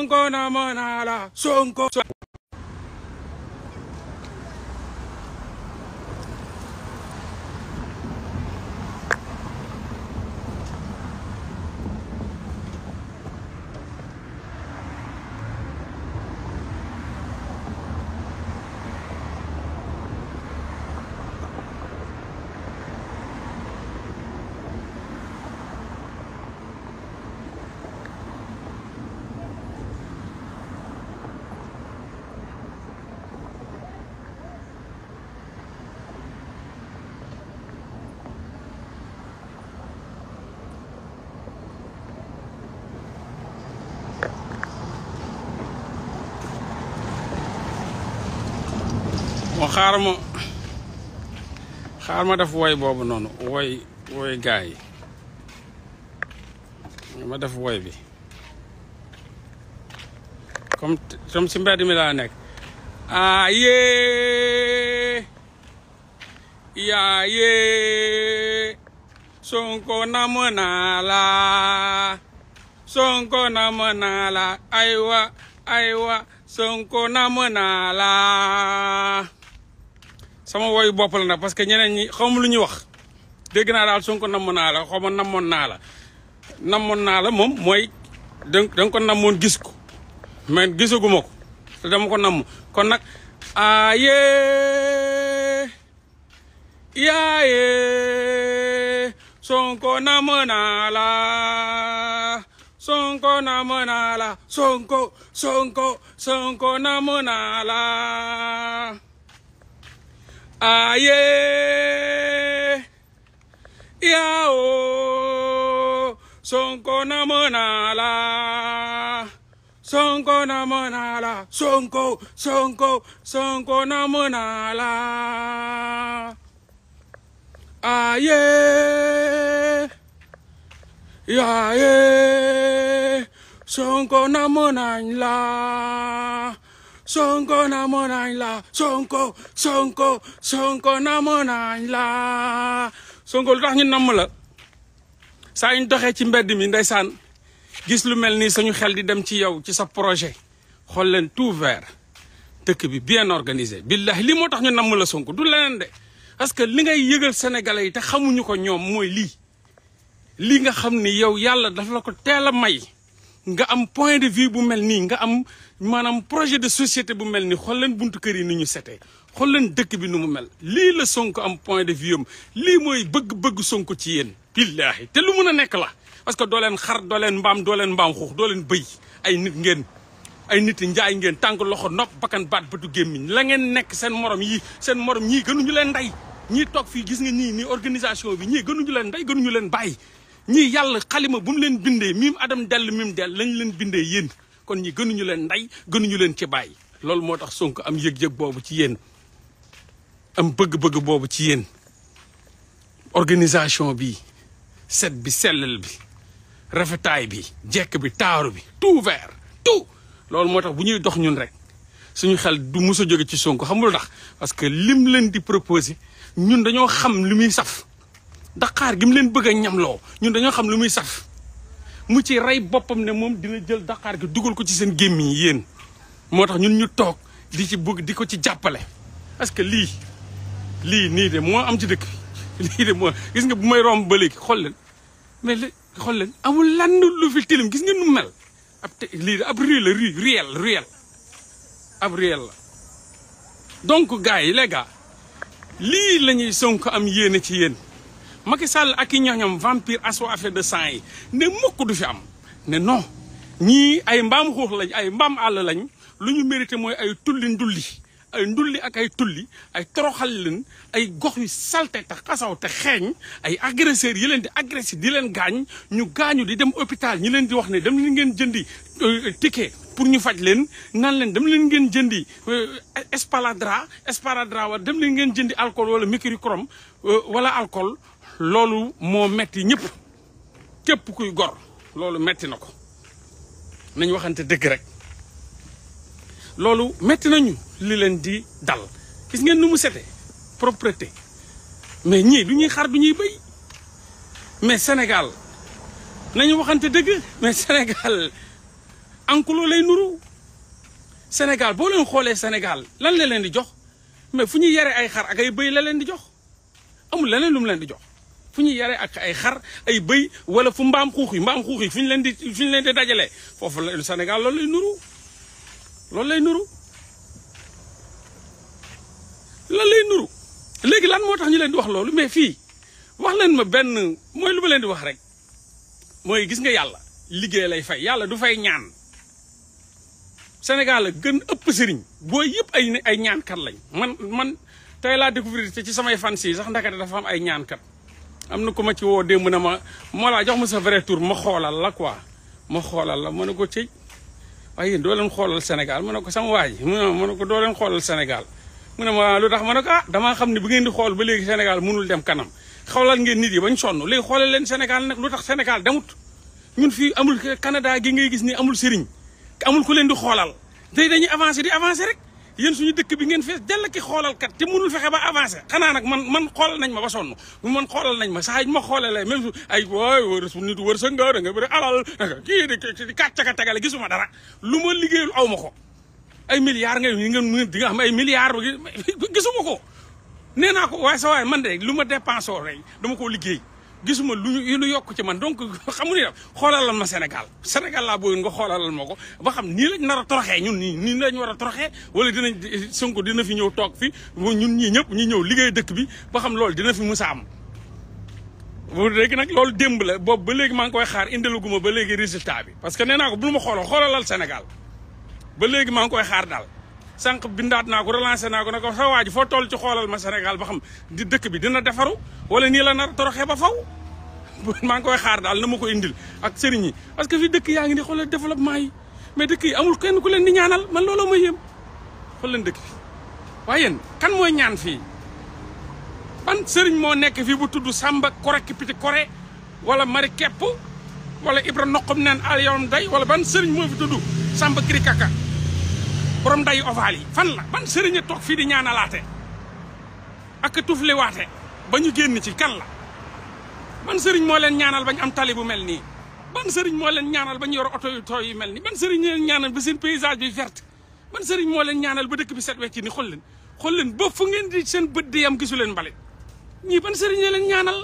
Sonko na manala. Sonko. xaaral ma xaaral def woy boobu noonu woy woy gaa def woy bi comme comme si mbedd mi laa nekk aye yaaye Sonko nam naa la Sonko nam naa la aywa aywa Sonko nam naa la sama woyu bopp la parce que ñeneen ñi xawma lu ñuy wax dégg naa daal Sonko namoon naa la xaw ma naa la namoon naa la moom mooy da nga ko namoon gis ko gisaguma ko te kon nag naa la Sonko Sonko Sonko Sonko naa la aye yao sonko na monala sonko na monala sonko sonko sonko na monala aye yaye sonko na monala sonko namoon nañ la sonko sonko sonko namoon nañ la sonko lu tax ñu namm la saa ñu doxee ci mbedd mi ndeysaan gis lu mel ni sañu xel di dem ci yow ci sa projet xool leen tout vert dëkk bi bien organisé billahi lii moo tax ñu nam la sonko du leneen de parce que li ngay yëgal sénégalais yi te xamuñu ko ñoom mooy lii lii nga xam ni yow yàlla daf la ko teel a may nga am point de vie bu mel nii nga am maanaam projet de société bu mel ni xool leen buntu kër yi ni ñu setee xool leen dëkk bi nu mu mel lii la Sonko am point de vue am lii mooy bëgg-bëgg sonk ci yéen billaahi te lu mun a nekk la parce que doo leen xar doo leen mbaam doo leen mbaam xuux doo leen bëy ay nit ngeen ay nit njaay ngeen tànk loxo nopp bakkan baat bëtu gémmi la ngeen nekk seen morom yi seen morom ñii gënuñu leen ndey ñii toog fii gis nga nii nii organisation bi ñii gënuñu leen ndey gënuñu leen bàyyi ñii yàlla xalima bu mu leen bindee miim adam dell miim dell lañ leen bindee yéen kon ñi gënuñu leen ndey gënuñu leen ci bàyyi loolu moo tax Sonko am yëg-yëg boobu ci yéen am bëgg-bëgg boobu ci yéen organisation bi set bi sellal bi rafetaay bi jekk bi taaru bi tout vert tout loolu moo tax bu ñuy dox ñun rek suñu xel du mos a jóge ci Sonko xamul ndax parce que lim leen di proposé ñun dañoo xam li muy saf daqaar gi mu leen bëgg a ñamloo ñun dañoo xam li muy saf mu ci rey boppam ne moom dina jël daqaar gi dugal ko ci seen gémmiñ yéen moo tax ñun ñu toog di ci bugg di ko ci jàppale parce que lii lii nii de moo am ci dëkk lii de moo gis nga bu may romb ba léegi xool leen mais li xool leen amul lan lu gis nga nu mel ab te lii de ab rue la rue réel réel ab réel la donc gars yi les gars lii lañuy ñuy am yéene ci yéen Macky Sall ak i ñoñom vampire assoiffé de sang yi ne mukk du fi am ne non ñii ay mbaam xuux lañ ay mbaam àll lañ lu ñu mérité mooy ay tulli ndulli ay ndulli ak ay tulli ay toroxal leen ay gox yu salte te xasaw te xeeñ ay agresseurs yi leen di agressé di leen gaañ ñu gaañu di dem hôpital ñi leen di wax ne dem leen ngeen jëndi euh, ticket pour ñu faj leen nan leen dem leen ngeen jëndi espaladra euh, espaladra war dem leen ngeen jëndi alcool wala mercurochrome euh, wala alcool loolu moo metti ñëpp képp kuy gor loolu metti na ko nañ waxante dëgg rek loolu metti nañu li leen di dal gis ngeen nu mu sete propreté mais ñii du ñuy xar du ñuy béy mais Sénégal nañu waxante dëgg mais Sénégal ankuloo lay nuru Sénégal boo leen xoolee Sénégal lan la leen di jox mais fu ñuy yare ay xar ak ay béy la leen di jox amul leneen lu mu leen di jox fu ñuy yaree ak ay xar ay bëy wala fu mbaam xuux yi mbaam xuux yi fu ñu leen di fu ñu dajalee foofu la Sénégal loolu lay nuru loolu lay nuru loolu lay nuru léegi lan moo tax ñu leen di wax loolu mais fii wax leen ma benn mooy lu ma leen di wax rek mooy gis nga yàlla liggéey lay fay yàlla du fay ñaan Sénégal la gën ëpp sëriñ boo yëpp ay ay ñaankat lañ man man tey laa découvrir te ci samay fans yi sax ndakate dafa am ay ñaankat am na ko ma ci woo démb na ma moo laa jox ma sa vrai tour ma xoolal la quoi ma xoolal la ma ne ko ci waaye yéen doo leen xoolal Sénégal ma ne ko sama waa ma ne ko doo xoolal Sénégal mu ne ma lu tax ma ne ko ah damaa xam ne bu ngeen di xool ba léegi Sénégal mënul dem kanam xoolal ngeen nit yi ba ñu sonn léegi xoolal leen Sénégal nag lu tax Sénégal demut ñun fii amul Canada gi ngay gis ni amul sëriñ amul ku leen di xoolal te dañuy avancer di avancer rek yéen suñu dëkk bi ngeen fees dell ki xoolalkat te mënul fexe ba avancé xanaa nag man xoolal nañ ma ba sonn man xoolal nañ ma saa ma xoolalee même su ay waay wërs nit wërsëg nga da nga bëri alal kii di kàccaka tegale gisuma dara lu ma liggéeyul aw ma ko ay milliards ngay ngeen di nga xam ay milliards gisuma ko nee naa ko waaye sa waay man de lu ma dépensé rek dama koo liggéey gisuma lu lu yokk ci man donc xamu ni def xoolalal ma Sénégal Sénégal laa booyoon nga xoolalal ma ko ba xam nii lañ nar a toroxee ñun nii nii lañ war a toroxee wala dinañ Sonko dina fi ñëw toog fi ñun ñii ñëpp ñu ñëw liggéey dëkk bi ba xam loolu dina fi musa am léegi nag loolu démb la ba léegi maa ngi koy xaar indilaguma ba léegi résultat bi parce que nee naa ko bu ma xooloo xoolalal Sénégal ba léegi maa ngi koy xaar daal sank bindat nakur ko relancé naa ko sa waa ji ci xolal ma senegal ba xam di dekk bi dina defaru wala ni la nar toroxe ba faw ma ngoy xaar dal na ko indil ak serigne parce que fi dekk yaa ngi xolal development yi mais dekk yi amul kenn ku len di ñaanal man lolo ma yem xol len dekk fi wayen kan moy ñaan fi, ban serigne mo nek fi bu tuddu Samba korek Kipiti Kore wala Mari kep wala Ibra nokum nen al day wala ban serigne mo fi tuddu Samba kaka borom ndayu oval fan la ban sëriñ toog fii di ñaanalaate ak tufliwaate ba ñu génn ci kan la ban sëriñ moo leen ñaanal bañ am tali bu mel nii ban sëriñ moo leen ñaanal bañ yor oto yu yu mel nii ban sëriñ leen ba seen paysage bi verte ban sëriñ moo leen ñaanal ba dëkk bi set wecc ni xool leen xool leen ba fu di seen bët di am gisu leen mbalit ñii ban sëriñ leen ñaanal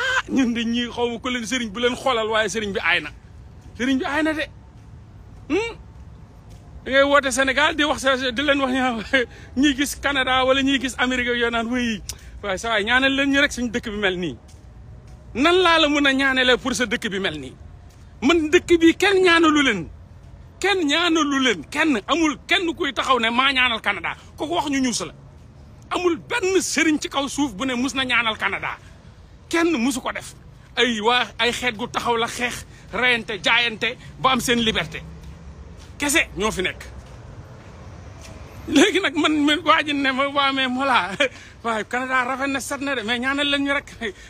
ah ñun de ñii xaw ma ko sëriñ bu leen xoolal waaye sëriñ bi aay na sëriñ bi aay na de hmm? da ngay woote Sénégal di wax sa di leen wax ñi gis Canada wala ñi gis Amérique yo naan wuy way sa way ñaanal leen ñu rek suñu dëkk bi mel ni nan la la mëna ñaanalé pour sa dëkk bi mel ni man dëkk bi kenn ñaanalu leen kenn ñaanalu leen kenn amul kenn kuy taxaw ne ma ñaanal Canada ko wax ñu ñuusal amul benn sëriñ ci kaw suuf bu ne mus na ñaanal Canada kenn musu ko def ay wa ay xéet gu taxaw la xeex reyante jaayante ba am seen liberté kessé ñoo fi nekk léegi nag man man waji ne ma waa mais voilà waaye Canada rafet na set na de mais ñaanal lañ ñu rek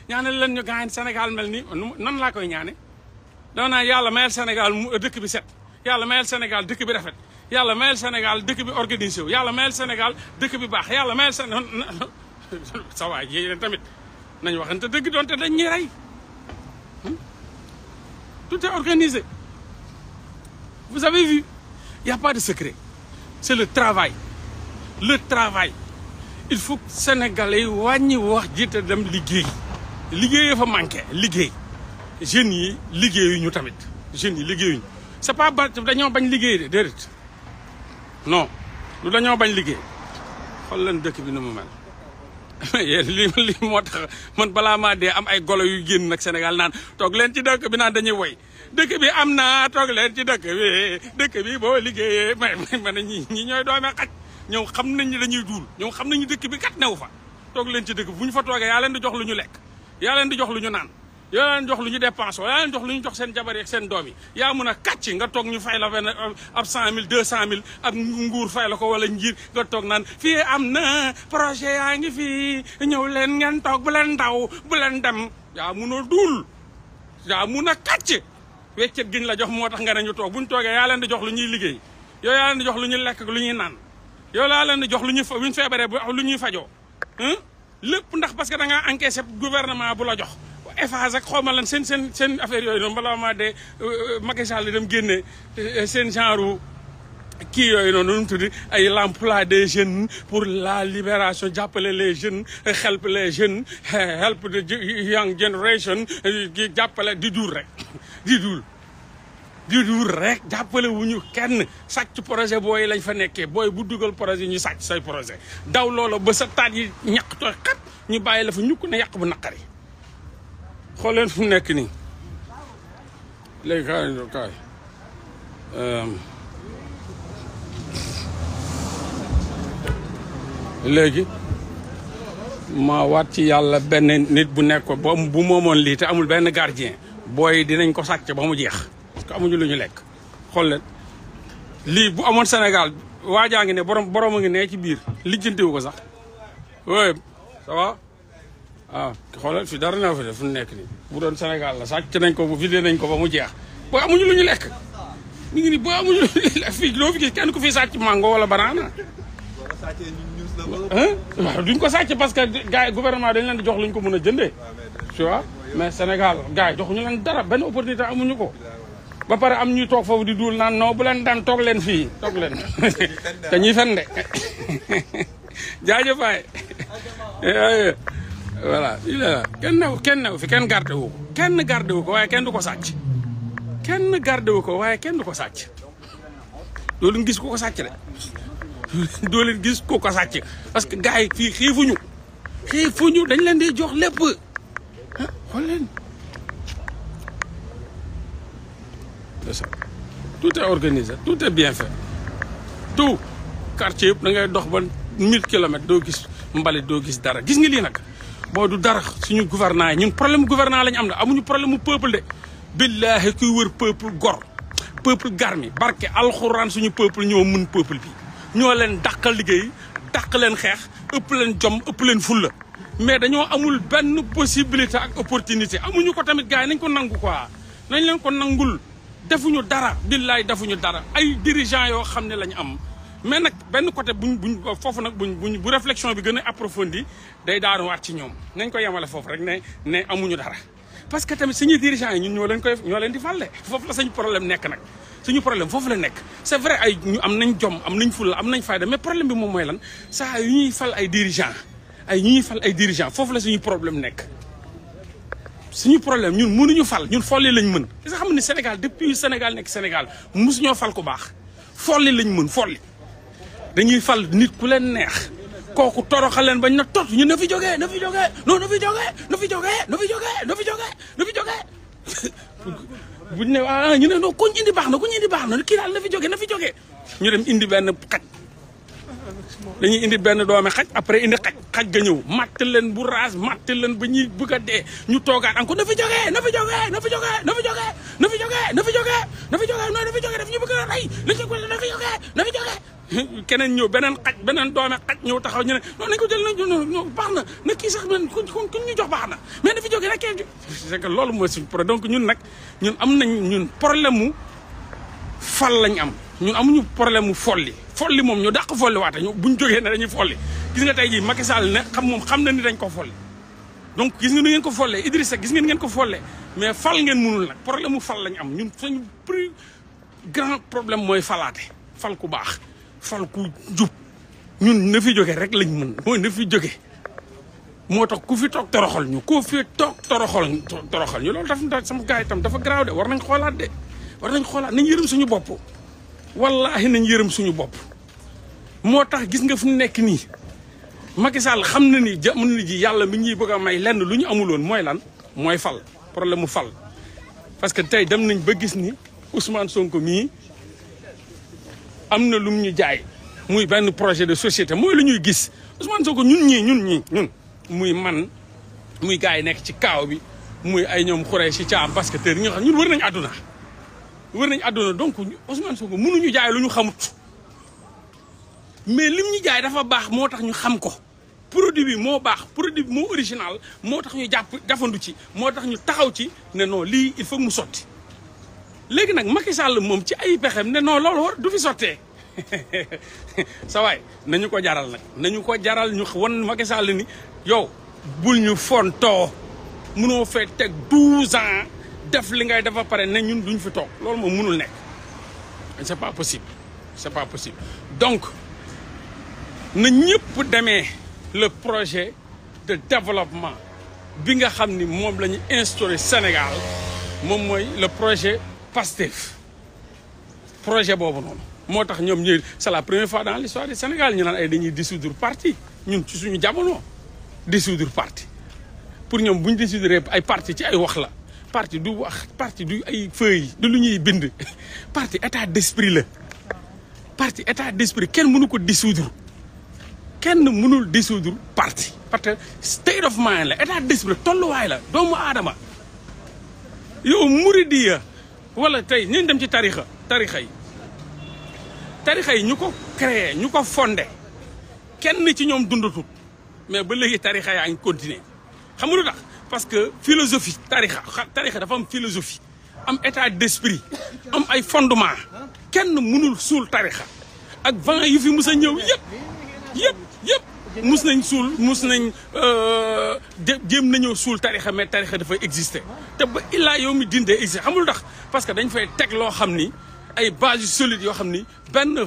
ñaanal lañ ñu gaañ Sénégal melni nan la koy ñaané dama yalla mayel Sénégal dëkk bi set yalla mayel Sénégal dëkk bi rafet yalla mayel Sénégal dëkk bi organisé yalla mayel Sénégal dëkk bi bax yalla mayel Sénégal sa waay yéen tamit nañ waxante dëgg donte dañ ñi ray hmm? tout est organisé vous avez vu Il n'y a pas de secret. C'est le travail. Le travail. Il faut que les Sénégalais wañi wax jité dem liguey. Liguey fa manqué, liguey. Jeunes yi liguey ñu tamit. Jeunes yi liguey ñu. C'est pas dañoo bañ liguey dédit. Non. Lu dañoo bañ liguey. Xol leen de bi nu li li moo man balaa maa dee am ay golo yu génn nag Sénégal naan toog leen ci dëkk bi naan dañuy woy dëkk bi âm na toog leen ci dëkk bi dëkk bi boo liggéeyee ma ma mà ñi ñooy doome xaj ñoom xam nañ ne dañuy duul ñoom như nañu dëkk bi kat new fa toog leen ci dëkk bu ñu fa toogee yaa leen di jox lu ñu lekk yaa leen di jox lu ñu naan yaa leen jox lu ñu dépense yaa leen jox lu ñu jox seen jabar yi ak seen doom yi yaa mun a kàcc nga toog ñu fay la benn ab cent mille deux cent mille ab nguur fay la ko wala njiir nga toog naan fii am na projet yaa ngi fii ñëw leen ngeen toog bu leen daw bu leen dem yaa mun a duul yaa mun a kàcc weccet giñ la jox moo tax nga ne ñu toog buñ toogee yaa leen di jox lu ñuy liggéey yow yaa leen di jox lu ñuy lekk lu ñuy naan yow laa leen di jox lu ñuy fa buñ feebaree bu lu ñuy fajoo lépp ndax parce que da ngaa encaissé gouvernement bu la jox Eiffage ak xaw ma lan seen seen affaire yooyu noonu balaa maa dee euh, euh, dem génne euh, seen genre kii yooyu noonu nu mu tuddi ay l'emploi des jeunes pour la libération jàppale les jeunes help les jeunes help the young generation jàppale di jur rek di dul di dul rek jàppale wu ñu kenn sàcc projet booy lañ fa nekkee booy bu dugal projet ñu sàcc say projet daw loola ba sa taat yi ñàq xat ñu bàyyi la fa ñukk na yàq bu naqari xooleen fu mu nekk nii léegi ehm. léegi maa wat ci yàlla benn nit bu nekk ko bu moomoon lii te amul benn gardien booy dinañ ko sàcc ba mu jeex parce que amuñu lu ñu lekk xool leen lii bu amoon Sénégal waajaa ngi ne borom borom a ngi ne ci biir lijjantiwu ko sax oui ça va ah xoolal fii dara naa fa def nekk nii bu doon Sénégal la sàcc nañ ko bu vidé nañ ko ba mu jeex booy amuñu lu ñu lekk ñu ngi booy amuñu lu lekk fii loo fi kenn ku fi sàcc mango wala banaana waaw duñ ko sàcc parce que gars yi gouvernement dañ leen di jox luñ ko mën a jëndee tu vois mais Sénégal gars yi joxuñu leen dara benn opportunité amuñu ko. ba pare am ñuy toog foofu di duul naan non bu leen daan toog leen fii toog leen te ñuy fen de jaajëf waay kenn new kenn new fi kenn gardé wu kenn gardé ko waaye kenn du ko sàcc kenn gardé ko waaye kenn du ko sàcc doo leen gis ku ko sàcc de doo leen gis ku ko sàcc parce que gars yi fii xiifuñu xiifuñu dañ leen di jox lépp Hein, tout est organisé tout est bien fait tout quartier da 1000 gis dara du dara suñu ñun problème lañ am amuñu problème peuple de billahi wër peuple gor peuple garmi barké alcorane suñu peuple ñoo mën peuple bi ñoo leen dakal liggéey dak leen xex ëpp leen jom ëpp mais dañoo amul benn possibilité ak opportunité amuñu ko tamit gars yi nañ ko nangu quoi nañ leen ko nangul defuñu dara billaay defuñu dara ay dirigeants yoo xam ne lañu am mais nag benn côté buñ buñ foofu nag buñ buñ bu réflexion bi gën a approfondi day daaruwaat ci ñoom nañ ko yemale foofu rek ne ne amuñu dara parce que tamit suñuy dirigeants yi ñun ñoo leen koy ñoo leen di fàlle foofu la suñu nekk nag suñu problème foofu la nekk c'est vrai ay nañ jom am nañ fulla am nañ fayda mais problème bi moom mooy lan saa yu ñuy fal ay dirigeants ay ñi dirigeants. fal ay dirigeant foofu la suñu problème Nous suñu problème fal ñun folli lañ mën isa Sénégal depuis Sénégal Nous Sénégal nous fal ku Nous folli lañ mën folli dañuy fal nit ku leen neex on toroxal leen bañ nous tot Nous na fi Nous ne fi jamais, non na fi na fi Nous ne fi jamais, na fi na fi Nous ne ah ñu ne non indi na kuñ indi Nous na pas, na fi na fi ñu dañuy indi benn doomi xaj après indi xaj xaj ga ñëw matt leen bu raas matt leen ba ñuy bëgg a dee ñu toogaat encore ko fi jógee na fi jógee na fi jógee na fi jógee na fi jógee na fi jógee na fi jógee non na fi jógee daf ñu bëgg a rey li ci na fi na fi jógee keneen ñëw beneen xaj beneen doomi xaj ñëw taxaw ñu ne non nañ ko jël nañ baax na na kii sax man kuñ kuñ ñu jox baax na me na fi jógee nag kenn c'est loolu mooy suñu problème donc ñu nag ñun am nañ ñun problème mu fal lañ am ñun amuñu problème mu folli folli moom ñu dàq folli waate ñu buñ jógee ne dañuy folli gis nga tey jii Macky Sall ne xam moom xam na ni dañ ko folli donc gis nga nu ngeen ko follee Idrissa gis ngeen ngeen ko follee mais fal ngeen mënul nag problème mu fal lañ am ñun suñu plus grand problème mooy falaate fal ku baax fal ku jub ñun na fi jóge rek lañ mën mooy na fi jóge moo tax ku fi toog toroxal ñu ku fi toog toroxal toroxal ñu loolu daf sama gars itam dafa garaaw de war nañ xoolaat de war nañ xoolaat nañ yërëm suñu bopp wallaahi nañ yërëm suñu bopp moo tax gis nga fu mu nekk nii Macky Sall xam na ni jamono ji yàlla mi ñuy bëgg a may lenn lu ñu amuloon mooy lan mooy fal problème mu fal. parce que tey dem nañ ba gis ni Ousmane Sonko mii am na lum ñu jaay muy benn projet de société mooy lu ñuy gis Ousmane Sonko ñun ñii ñun ñii muy man muy gars yi nekk ci kaaw bi muy ay ñoom xuree si caam parce que tey ñoo xam ñun wër nañ àdduna. war nañu àdduna donc ko Sonko ñu jaay lu ñu xamut mais lim ñu jaay dafa baax moo tax ñu xam ko produit bi moo baax produit bi moo original moo tax ñu jàpp jafandu ci moo tax ñu taxaw ci ne non lii il faut mu sotti léegi nag Macky Sall moom ci ay pexem ne non loolu du fi sottee sa waay nañu ko jaral nag nañu ko jaral ñu wan Macky Sall ni yow bul ñu fontoo munoo fee teg douze ans def li ngay def ba pare ne ñun duñ fi toog loolu moom mënul nekk c'est pas possible c'est pas possible donc na ñëpp demee le projet de développement bi nga xam ni moom la ñu instauré Sénégal moom mooy le projet PASTEF projet boobu noonu moo tax ñoom c'est la première fois dans l'histoire du Sénégal ñu naan ay dañuy dissoudre parti ñun ci suñu jamono dissoudre parti pour ñoom bu dissoudre ay parti ci ay wax la parti du wax parti du ay feuille du lu ñuy bind parti état d'esprit la parti état d'esprit kenn mënu ko dissoudre kenn mënul dissoudre parti parce que state of mind la état d'esprit tolluwaay la doomu aadama yow muridiya wala tey ñu dem ci tarixa tarixa yi tarixa yi ñu ko créé ñu ko fonde kenn ci ñoom dundatul mais ba léegi tarixa yaa ngi continuer xam nga tax parce que philosophie tarixa tarixa dafa am philosophie am état d'esprit am ay fondement kenn mënul suul tarixa ak vent yu fi mus yep, yep, yëpp yëpp yëpp mus nañ suul mus nañ euh, jéem nañoo mais tarixa dafa exister te ba illaa yow mi dindee exister xamul tax parce que dañ fay tek lo hamni, ay base solide yo yoo ben ni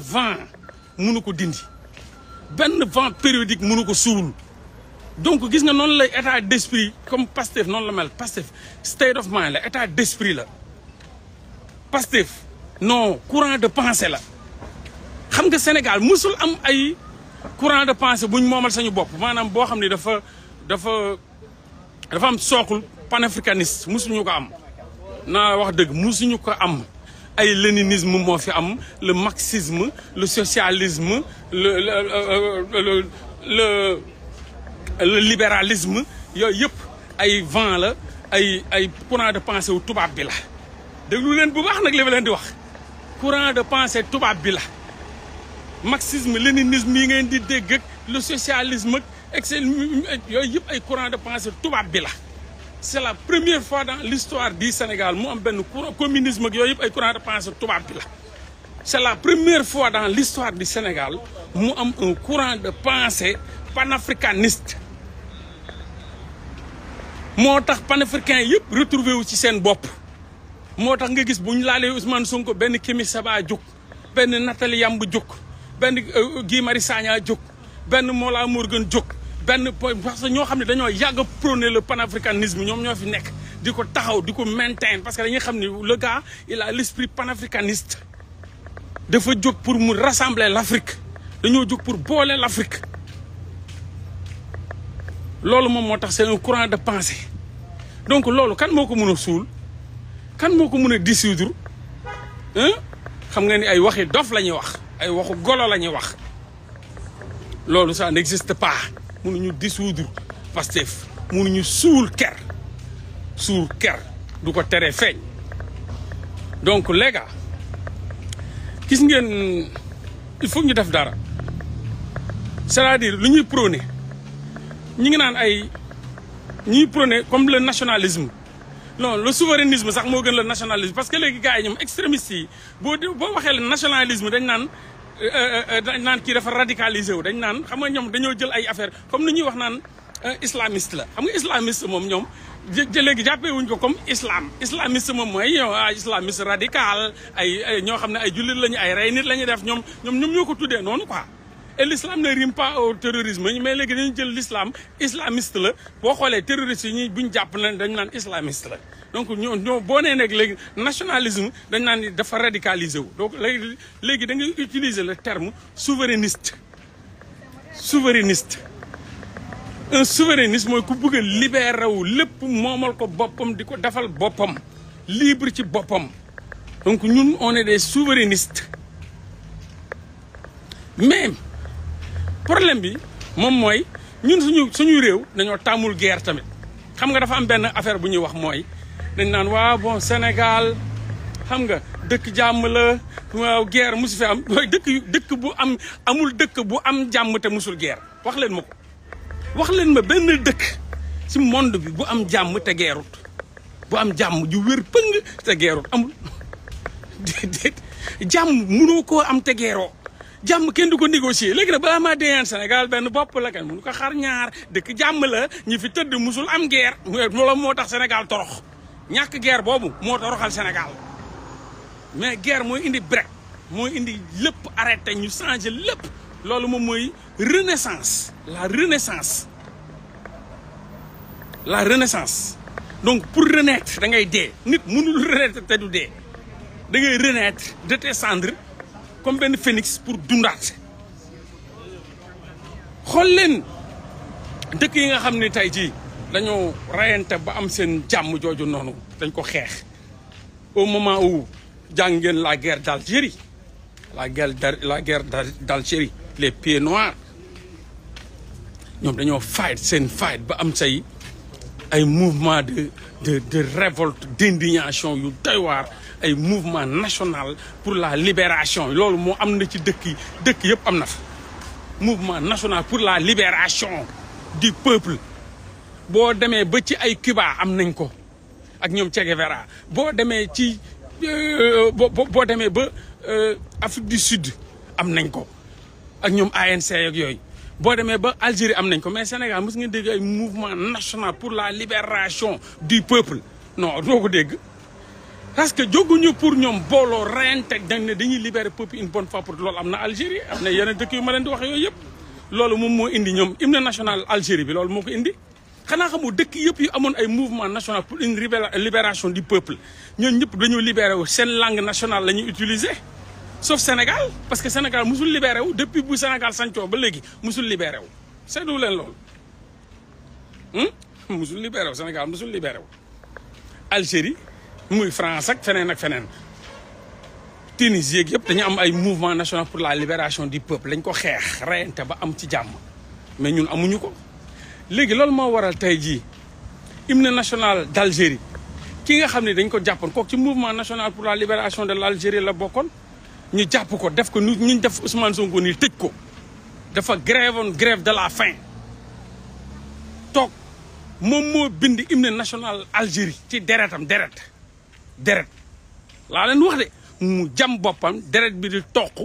benn ko dindi ben vent périodique mënu ko donc vous nga non un état d'esprit comme pasteur, non state of mind d'esprit là non courant de pensée Vous xam nga Sénégal musul courant de pensée panafricaniste léninisme le marxisme le socialisme le le euh, euh, le le libéralisme yooyu yëpp ay vent la ay ay courant de pensée wu tubaab bi la. déglu l'en bu baax nag li ma di wax courant de pensée tout bi la marxisme léninisme yi ngeen di le socialisme ak seen yooyu ay courant de pensée tout bi la. c'est la première fois dans l'histoire du Sénégal mu am benn courant communisme ak yooyu ay courant de pensée tout bi la. c'est la première fois dans l'histoire du Sénégal mu am un courant de pensée panafricaniste motax tax panafricain yëpp retrouvé wu ci sen bop motax nga gis bu laalé Ousmane Sonko ben Kémi Saba jóg ben Nathalie Yamb jóg ben Guy Marius Sagna jóg benn Mollah Morgun jóg parce que ñoo xamni ne dañoo yàgg a le panafricanisme ñom ñoo fi nek diko taxaw diko maintain parce que dañuy xamni le gars il a l'esprit panafricaniste dafa jóg pour mu rassembler l'Afrique Afrique dañoo jóg pour boler l'Afrique. lolu mom motax c'est un courant de pensée donc lolu kan moko meuna sul kan moko meuna dissoudre a xam nga ni ay waxi dof lañuy wax ay waxu golo lañuy wax lolu ça n'existe pas ñu dissoudre Pastef ñu sul ker sul ker du ko téré feeñ donc les gars gis ngeen il faut ñu def dara c'est-à-dire lu ñuy ñu ngi naan ay ñuy prôné comme le nationalisme non le souverainisme sax moo gën la nationalisme parce que léegi gars yi ñoom extrémistes yi boo boo waxee le nationalisme dañ naan euh, euh, euh, dañ naan kii dafa radicalisé wu dañ naan xam nga ñoom dañoo jël ay affaire comme ni ñuy wax naan islamiste la xam nga islamiste moom ñoom léegi jàppee wuñ ko comme islam islamiste moom mooy ay islamiste radical ay ñoo xam ne ay jullit lañu ay rey nit la ñuy def ñoom ñoom ñoom ñoo ko tuddee noonu quoi et l'islam ne rime au terrorisme mais léegi dañu jël lislaam islamiste la boo xoolee terroriste yi ñuy buñ jàpp na dañ naan islamiste la donc ñoo ñoo boo nee nag léegi nationalisme dañ naan ni dafa radicaliser wu donc léegi léegi da ngay utiliser le terme souverainiste souverainiste un souverainiste mooy ku bëgg a libéré wu lépp moomal ko boppam di ko defal boppam libre ci boppam donc ñun on est des mais problème bi moom mooy ñun suñu suñu réew dañoo tàmmul guerre tamit xam nga dafa am benn affaire bu ñuy wax mooy dañ naan waaw bon Sénégal xam nga dëkk jàmm la waaw guerre musu fi am dëkk dëkk bu am amul dëkk bu am jàmm te musul guerre wax leen ma ko wax leen ma benn dëkk ci monde bi bu am jàmm te geerut bu am jàmm ju wér pëng te geerut amul jàmm munoo koo am te geeroo Jam kenn du ko négocier léegi nag balaa maa deeyaan Sénégal ben bop la kenn mënu ko xar ñaar dëkk jàmm la ñi fi tëdd musul am guerre loola moo tax Sénégal torox ñak guerre bobu mo toroxal Sénégal mais guerre moy indi break moy indi lepp arrêté ñu changer lepp loolu moom moy renaissance la renaissance la renaissance donc pour renaître da ngay dé nit mënul renaître té du dé da ngay renaître de tes cendres comme ben phénix pour dundaat xool len deuk yi nga xam tay ji jii rayenté ba am sen jamm joju noonu dañ ko xex au moment où jàng la guerre d'Algérie la guerre la guerre d'Algérie les pieds noirs ñom dañoo fight sen fight ba am say ay mouvement de de de révolte d'indignation yu tay war un mouvement national pour la libération C'est ce am na ci dëkk yi dëkk yëpp am na fa mouvement national pour la libération du peuple Si on va ci ay Cuba am nañ ko ak ñoom Che Guevara boo demee ci euh, boo demee euh, Afrique du Sud am nañ ko ak ñoom ANC ak yooyu boo demee ba Algérie am nañ ko mais Sénégal mës nga dégg ay mouvement national pour la libération du peuple non doo dégg parce que jóguñu pour nous booloo rente dañ ne dañuy libérer peuple une bonne fois pour loolu am Algérie amna yene yeneen dëkk yu ma leen di wax yooyu yëpp loolu moom mo indi ñom hymne national Algérie bi loolu moko indi xana xamoo dëkk yëpp yu amone ay mouvement national pour une libération du peuple ñooñu ñëpp dañoo libéré wu seen langue nationale la utiliser sauf Sénégal parce que Sénégal musul libéré wu depuis bu Sénégal sancho ba légui musul libérer wu seetlu leen hmm musul libéré wu Sénégal musul libéré wu Algérie muy France ak feneen ak feneen Tunis yéeg yëpp dañu am ay mouvement national pour la libération du peuple lañ ko xeex reyante ba am ci jàmm mais ñun amuñu ko léegi loolu moo waral tey jii hymne national d'Algérie ki nga xam ne dañ ko jàppoon kooku ci mouvement national pour la libération de l'Algérie la bokkoon ñu jàpp ko def ko nu ñu def Ousmane Sonko nii tëj ko dafa grève on grève de la fin toog moom moo bind hymne national Algérie ci deretam deret deret laa leen wax de mu jam boppam deret bi di toq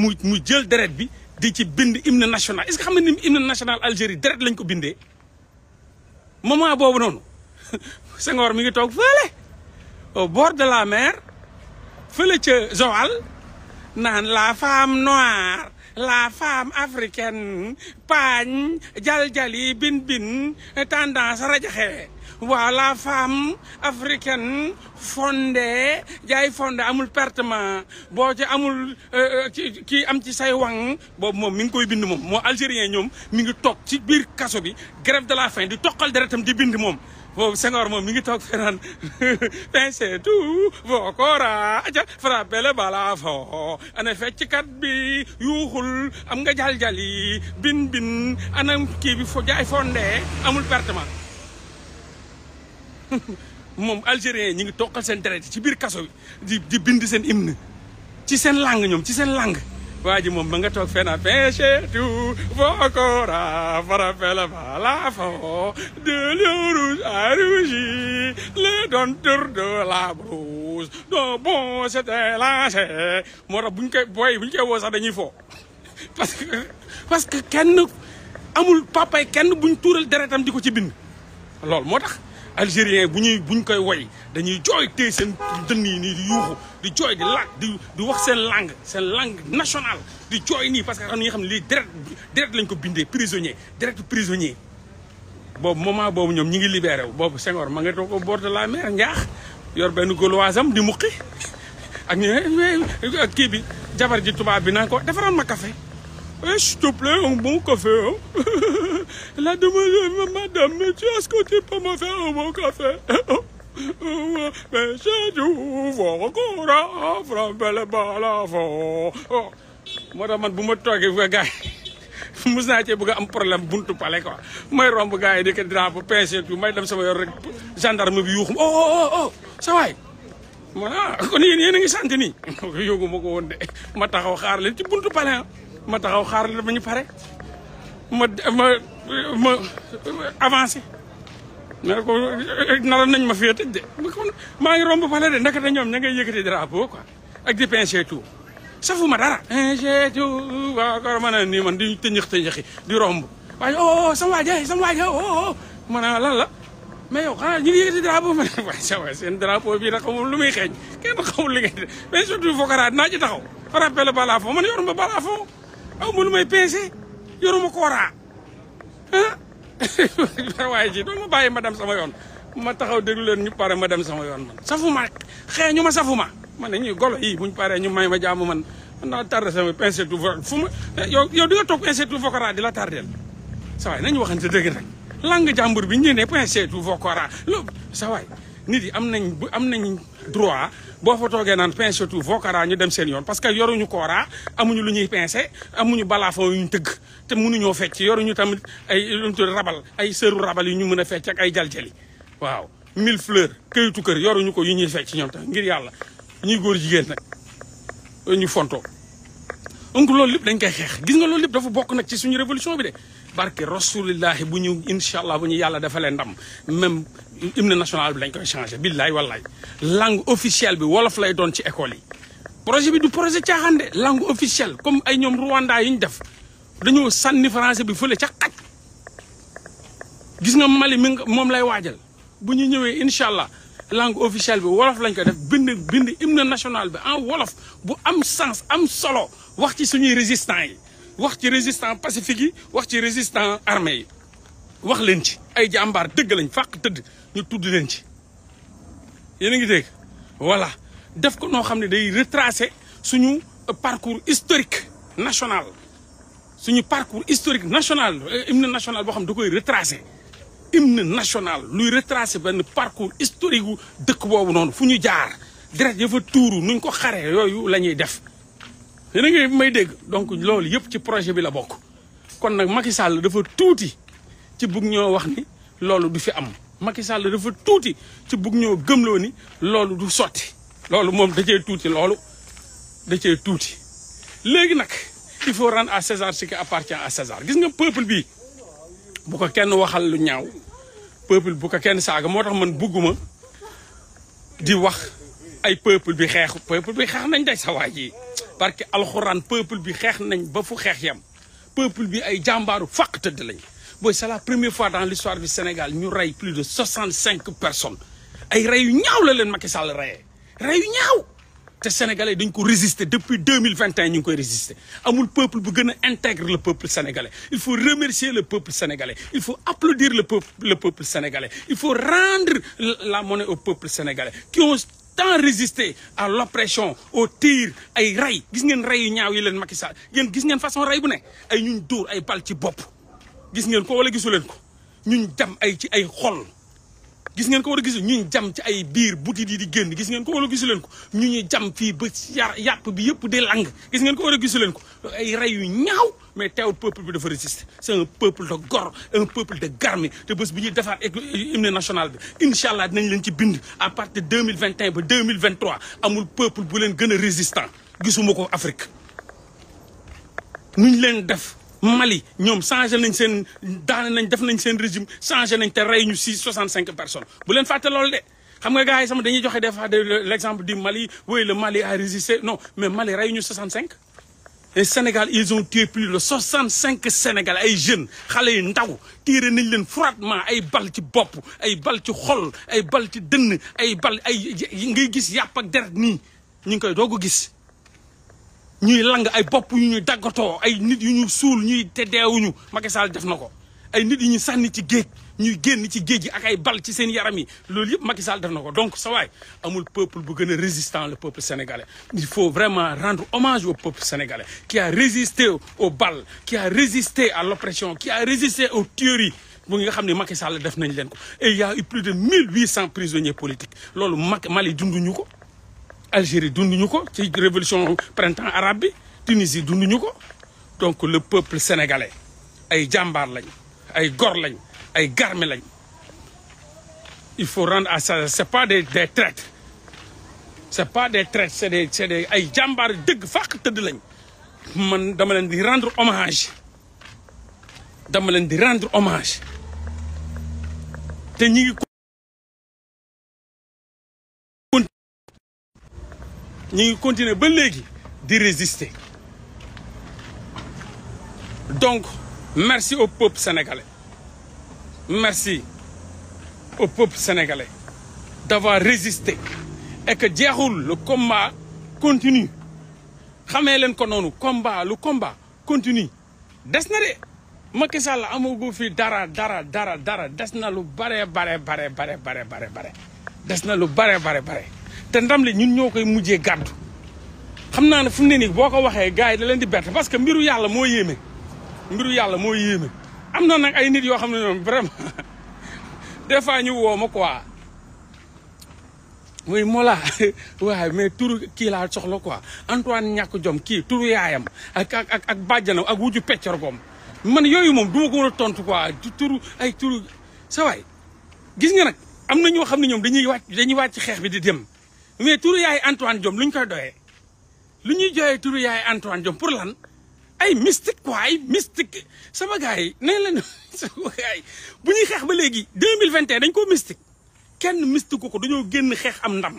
mu mu jël deret bi di ci bind hymne national est xam nga ni hymne national Algérie deret lañ ko bindee moment boobu noonu Senghor mi ngi toog fële au bord de la mer fële ca Joal naan la femme noire la femme africaine paañ jaljali bin bin tendance rajaxe waa la femme africaine fondé jaay fondé amul pertement boo ci amul euh, euh, kii am ci say wang boobu moom mi ngi koy bind moom moo algérien ñoom mi ngi toog ci biir kaso bi grève de la faim di toqal deretam di bind moom boobu Senghor moom mi ngi toog fenaan pincez tout vos corps aca frappez le balafon ana fecckat bi yuuxul am nga jaljal yi bin bin ana kii bi fo jaay fondé amul pertement moom algérien yi ñu ngi toqal seen deret ci biir kaso bi di di bind seen hymne ci seen langue ñoom ci seen langue waa ji moom ma nga toog fenn péché tout fokora farafela fa la fao de lion rouge a rougi le donteur de la brousse do bon c'était lancé moo tax buñ koy booy buñ koy woo sax dañuy foo parce que parce que kenn amul papay kenn buñ tuural deretam di ko ci bind loolu moo tax algérien bu ñuy bu ñu koy woy dañuy jooy téye seen dënn yi nii di yuuxu di jooy di làkk di di wax seen langue seen langue nationale di jooy nii parce que xam ni nga xam ne lii deret deret lañ ko bindee prisonnier deret prisonnier boobu moment boobu ñoom ñi ngi libéré wu boobu Senghor ma nga toog au bord de la mer njaax yor benn gauloise am di muqi ak ñu eh, eh, kii bi jabar ji tubaab bi naan ko defaral ma café Eh, s'il te plaît, un bon café. Hein. La madame, monsieur, est-ce côté pour me faire un bon café hein. Mais c'est du encore oh. a frappé le balafon. Madame, man, je suis problème buntu quoi romb gars may sama yor rek gendarme bi oh, oh oh oh ah, a Je ma taxaw xaar ci buntu ah. ma taxaw xaar la ba pare ma ma ma avancé mais nañ ma fee de maa ngi romb fale de ndekete ñoom ña ngay yëkkati drapeau quoi ak di pincer tout safuma dara pincer tout waaw kor mën nii man di tëñëx tëñëxi di romb waaye o oh, oh, oh, sama waaje sama waaje o ma ne lan la mais yow xanaa ñu ma ne waaye sa waay seen drapeau bii nag xamul lu muy xeeñ kenn xamul li ngay surtout fokaraat naa ci taxaw rappel balafon man yor ma balafon aw mënu may peese yoruma kooraa ah waaye ji doo ma bàyyi ma dem sama yoon ma taxaw déglu leen ñu pare ma dem sama yoon man safuma xee ñu ma safuma man ne ñuy golo bu ñu paree ñu may ma jàmm man man naa tardé sama pincé tout fu ma eh, yow yow di nga toog pincé tout di la tardel sa waay nañu waxante dëgg rek lang jàmbur bi ñu ne pincé tout vocora lo sa waay nit yi am nañ bu am nañ droit boo fa toogee naan pince tout vokara ñu dem seen yoon parce que yoruñu kooraa amuñu lu ñuy pincé amuñu balafon yu ñu tëgg te mënuñoo fecc yoruñu tamit ay lu rabal ay sëru rabal yu ñu mën a fecc ak ay jaljali waaw mille fleurs këyitu kër yoruñu ko yu ñuy fecc ñoom tam ngir yàlla ñuy góor jigéen nag ñu fontoo donc loolu lépp dañ koy xeex gis nga loolu lépp dafa bokk nag ci suñu révolution bi de barke rasulillahi bu ñu incha allah bu ñu yàlla defalee ndam même hymne national bi lañ koy changé billaay wallaay langue officielle bi wolof lay doon ci école yi projet bi du projet caaxaan de langue officielle comme ay ñoom Rwanda yi ñu def dañoo sànni français bi fële ca xaj gis nga Mali mi moom lay waajal bu ñuy ñëwee incha allah langue officielle bi wolof lañ ko def bind bind hymne national bi en wolof bu am sens am solo wax ci suñuy résistant yi wax ci résistant pacifique yi wax ci résistant armée yi wax leen ci ay jàmbaar dëgg lañ fàq tëdd ñu tudd leen ci yéen a ngi dégg voilà def ko noo xam ne day retracer suñu parcours historique national suñu parcours historique national euh, hymne national boo xam ne da koy retracer hymne national luy retrasé benn parcours historique wu dëkk boobu noonu fu ñu jaar deret ya fa tuuru nuñ ko xaree yooyu la ñuy def yéen a may dégg donc loolu yëpp ci projet bi la bokk kon nag Macky Sall dafa tuuti ci bugg ñoo wax ni loolu du fi am Macky Sall dafa tuuti ci bugg ñoo gëmloo ni loolu du sotti loolu moom da cee tuuti loolu da cee tuuti léegi nag il faut rendre à César ce qui appartient à César gis nga peuple bi bu ko kenn waxal lu ñaaw peuple bu ko kenn saaga moo tax man bugguma di wax ay peuple bi xeexu peuple bi xeex nañ day sa waay ji parce que alxuraan peuple bi xeex nañ ba fu xeex yam peuple bi ay jàmbaaru fàq tëdd lañ c'est la première fois dans l'histoire du Sénégal ñu raille plus de 65 personnes ay rey yu ñaaw la leen Macky Sall reyee rey ñaaw sénégalais dañ ko résister depuis 2021. mille vingt et un ñu koy résister peuple bu intégrer intégrer le peuple sénégalais il faut remercier le peuple sénégalais il faut applaudir le peuple le peuple sénégalais il faut rendre la monnaie au peuple sénégalais qui ont tant résisté à l'oppression aux tirs. ay ont gis ngeen rey yu ñaaw yi leen Macky Sall yéen gis ngeen façon voyez. bu ne ay ñuñ dóor ay fait. ci bopp gis ngeen ko wala gisu leen ko ñu jam ay ci ay xol gis ngeen ko war gisu ñuñ jam ci ay biir butit yi di génn gis ngeen ko wala gisu leen ko ñu ñu jam fii ba yar yàpp bi yëpp di lang gis ngeen ko wala gisu leen ko ay rey yu ñaaw mais teewul peuple bi dafa résister c' est un peuple de gor un peuple de garmi te bés bu ñuy defaat hymne national bi incha allah dinañ leen ci bind à partir de 2021 ba 2023 amul peuple bu leen gën a résistant gisuma ko Afrique nuñ leen def Mali ñoom changé nañ seen daane nañ def nañ seen régime changé nañ te rey ñu si 65 personnes bu leen fàtte loolu de. xam nga gars yi sama dañuy joxe des fois l' exemple du Mali oui le Mali a résisté non mais Mali rey ñu 65. et Sénégal ils ont tué plus de 65 Sénégal ay jeunes xale yu ndaw tiré nañ leen froidement ay bal ci bop, ay bal ci xol ay bal ci dënn ay bal ay ngay gis yàpp ak deret nii ñu ngi koy doog a gis ñuy lang ay bopp ñuy daggatoo ay nit yu ñu sul ñuy teddeewuñu Macky Sall def nako ay nit yi ñu sanni ci géej ñuy génn ci géej gi ak ay bal ci seen yaram yi loolu yëpp Macky Sall def nako donc sa way amul peuple bu gëna résistant le peuple sénégalais il faut vraiment rendre hommage au peuple sénégalais qui a résisté aux balles qui a résisté à l'oppression qui a résisté aux tueries bu nga xam Macky Sall def nañ leen et il y a eu plus de 1800 prisonniers politiques loolu Macky Mali dunduñu ko Algérie dunduñu ko ci révolution printemps arabe Tunisie du ko donc le peuple sénégalais ay jàmbaar lañ ay gor lañ il faut rendre à ça c'est pas des des traites c'est pas des traites c'est des c'est des ay jàmbaar dëgg fàq tëdd lañ man rendre hommage Je vais rendre hommage Nous ngi continuer ba résister donc merci au peuple sénégalais merci au peuple sénégalais d'avoir résisté et que diaroul le combat continue Xamé leen ko combat le combat continue des na de Macky Sall fi dara dara dara dara des na lu bare bare bare bare bare bare des na lu bare bare bare te ndam li ñun ñoo koy mujjee gàddu xam naa ne fu mu ne boo ko waxee gars yi da leen di bett parce que mbiru yàlla moo yéeme mbiru yàlla moo yéeme am na nag ay nit yoo xam ne ñoom vraiment des fois ñu woo ma quoi mooy mais turu kii laa soxla quoi Antoine ñàkk jom kii turu yaayam ak ak ak bàjjanam ak wuju peccor koom man yooyu moom du ma ko war a tontu quoi turu ay turu sa gis nga nag am na ñoo xam ne ñoom dañuy wàcc dañuy wàcc xeex bi di dem mais turu yaay Antoine Diome lu ñu koy doyee lu ñuy jooyee turu yaay Antoine Diome pour lan ay mystique ko ay mystique sama gars yi nañ leen sama gars bu ñuy xeex ba léegi deux mille vingt et dañ koo mystique kenn mystique ko ko dañoo génn xeex am ndam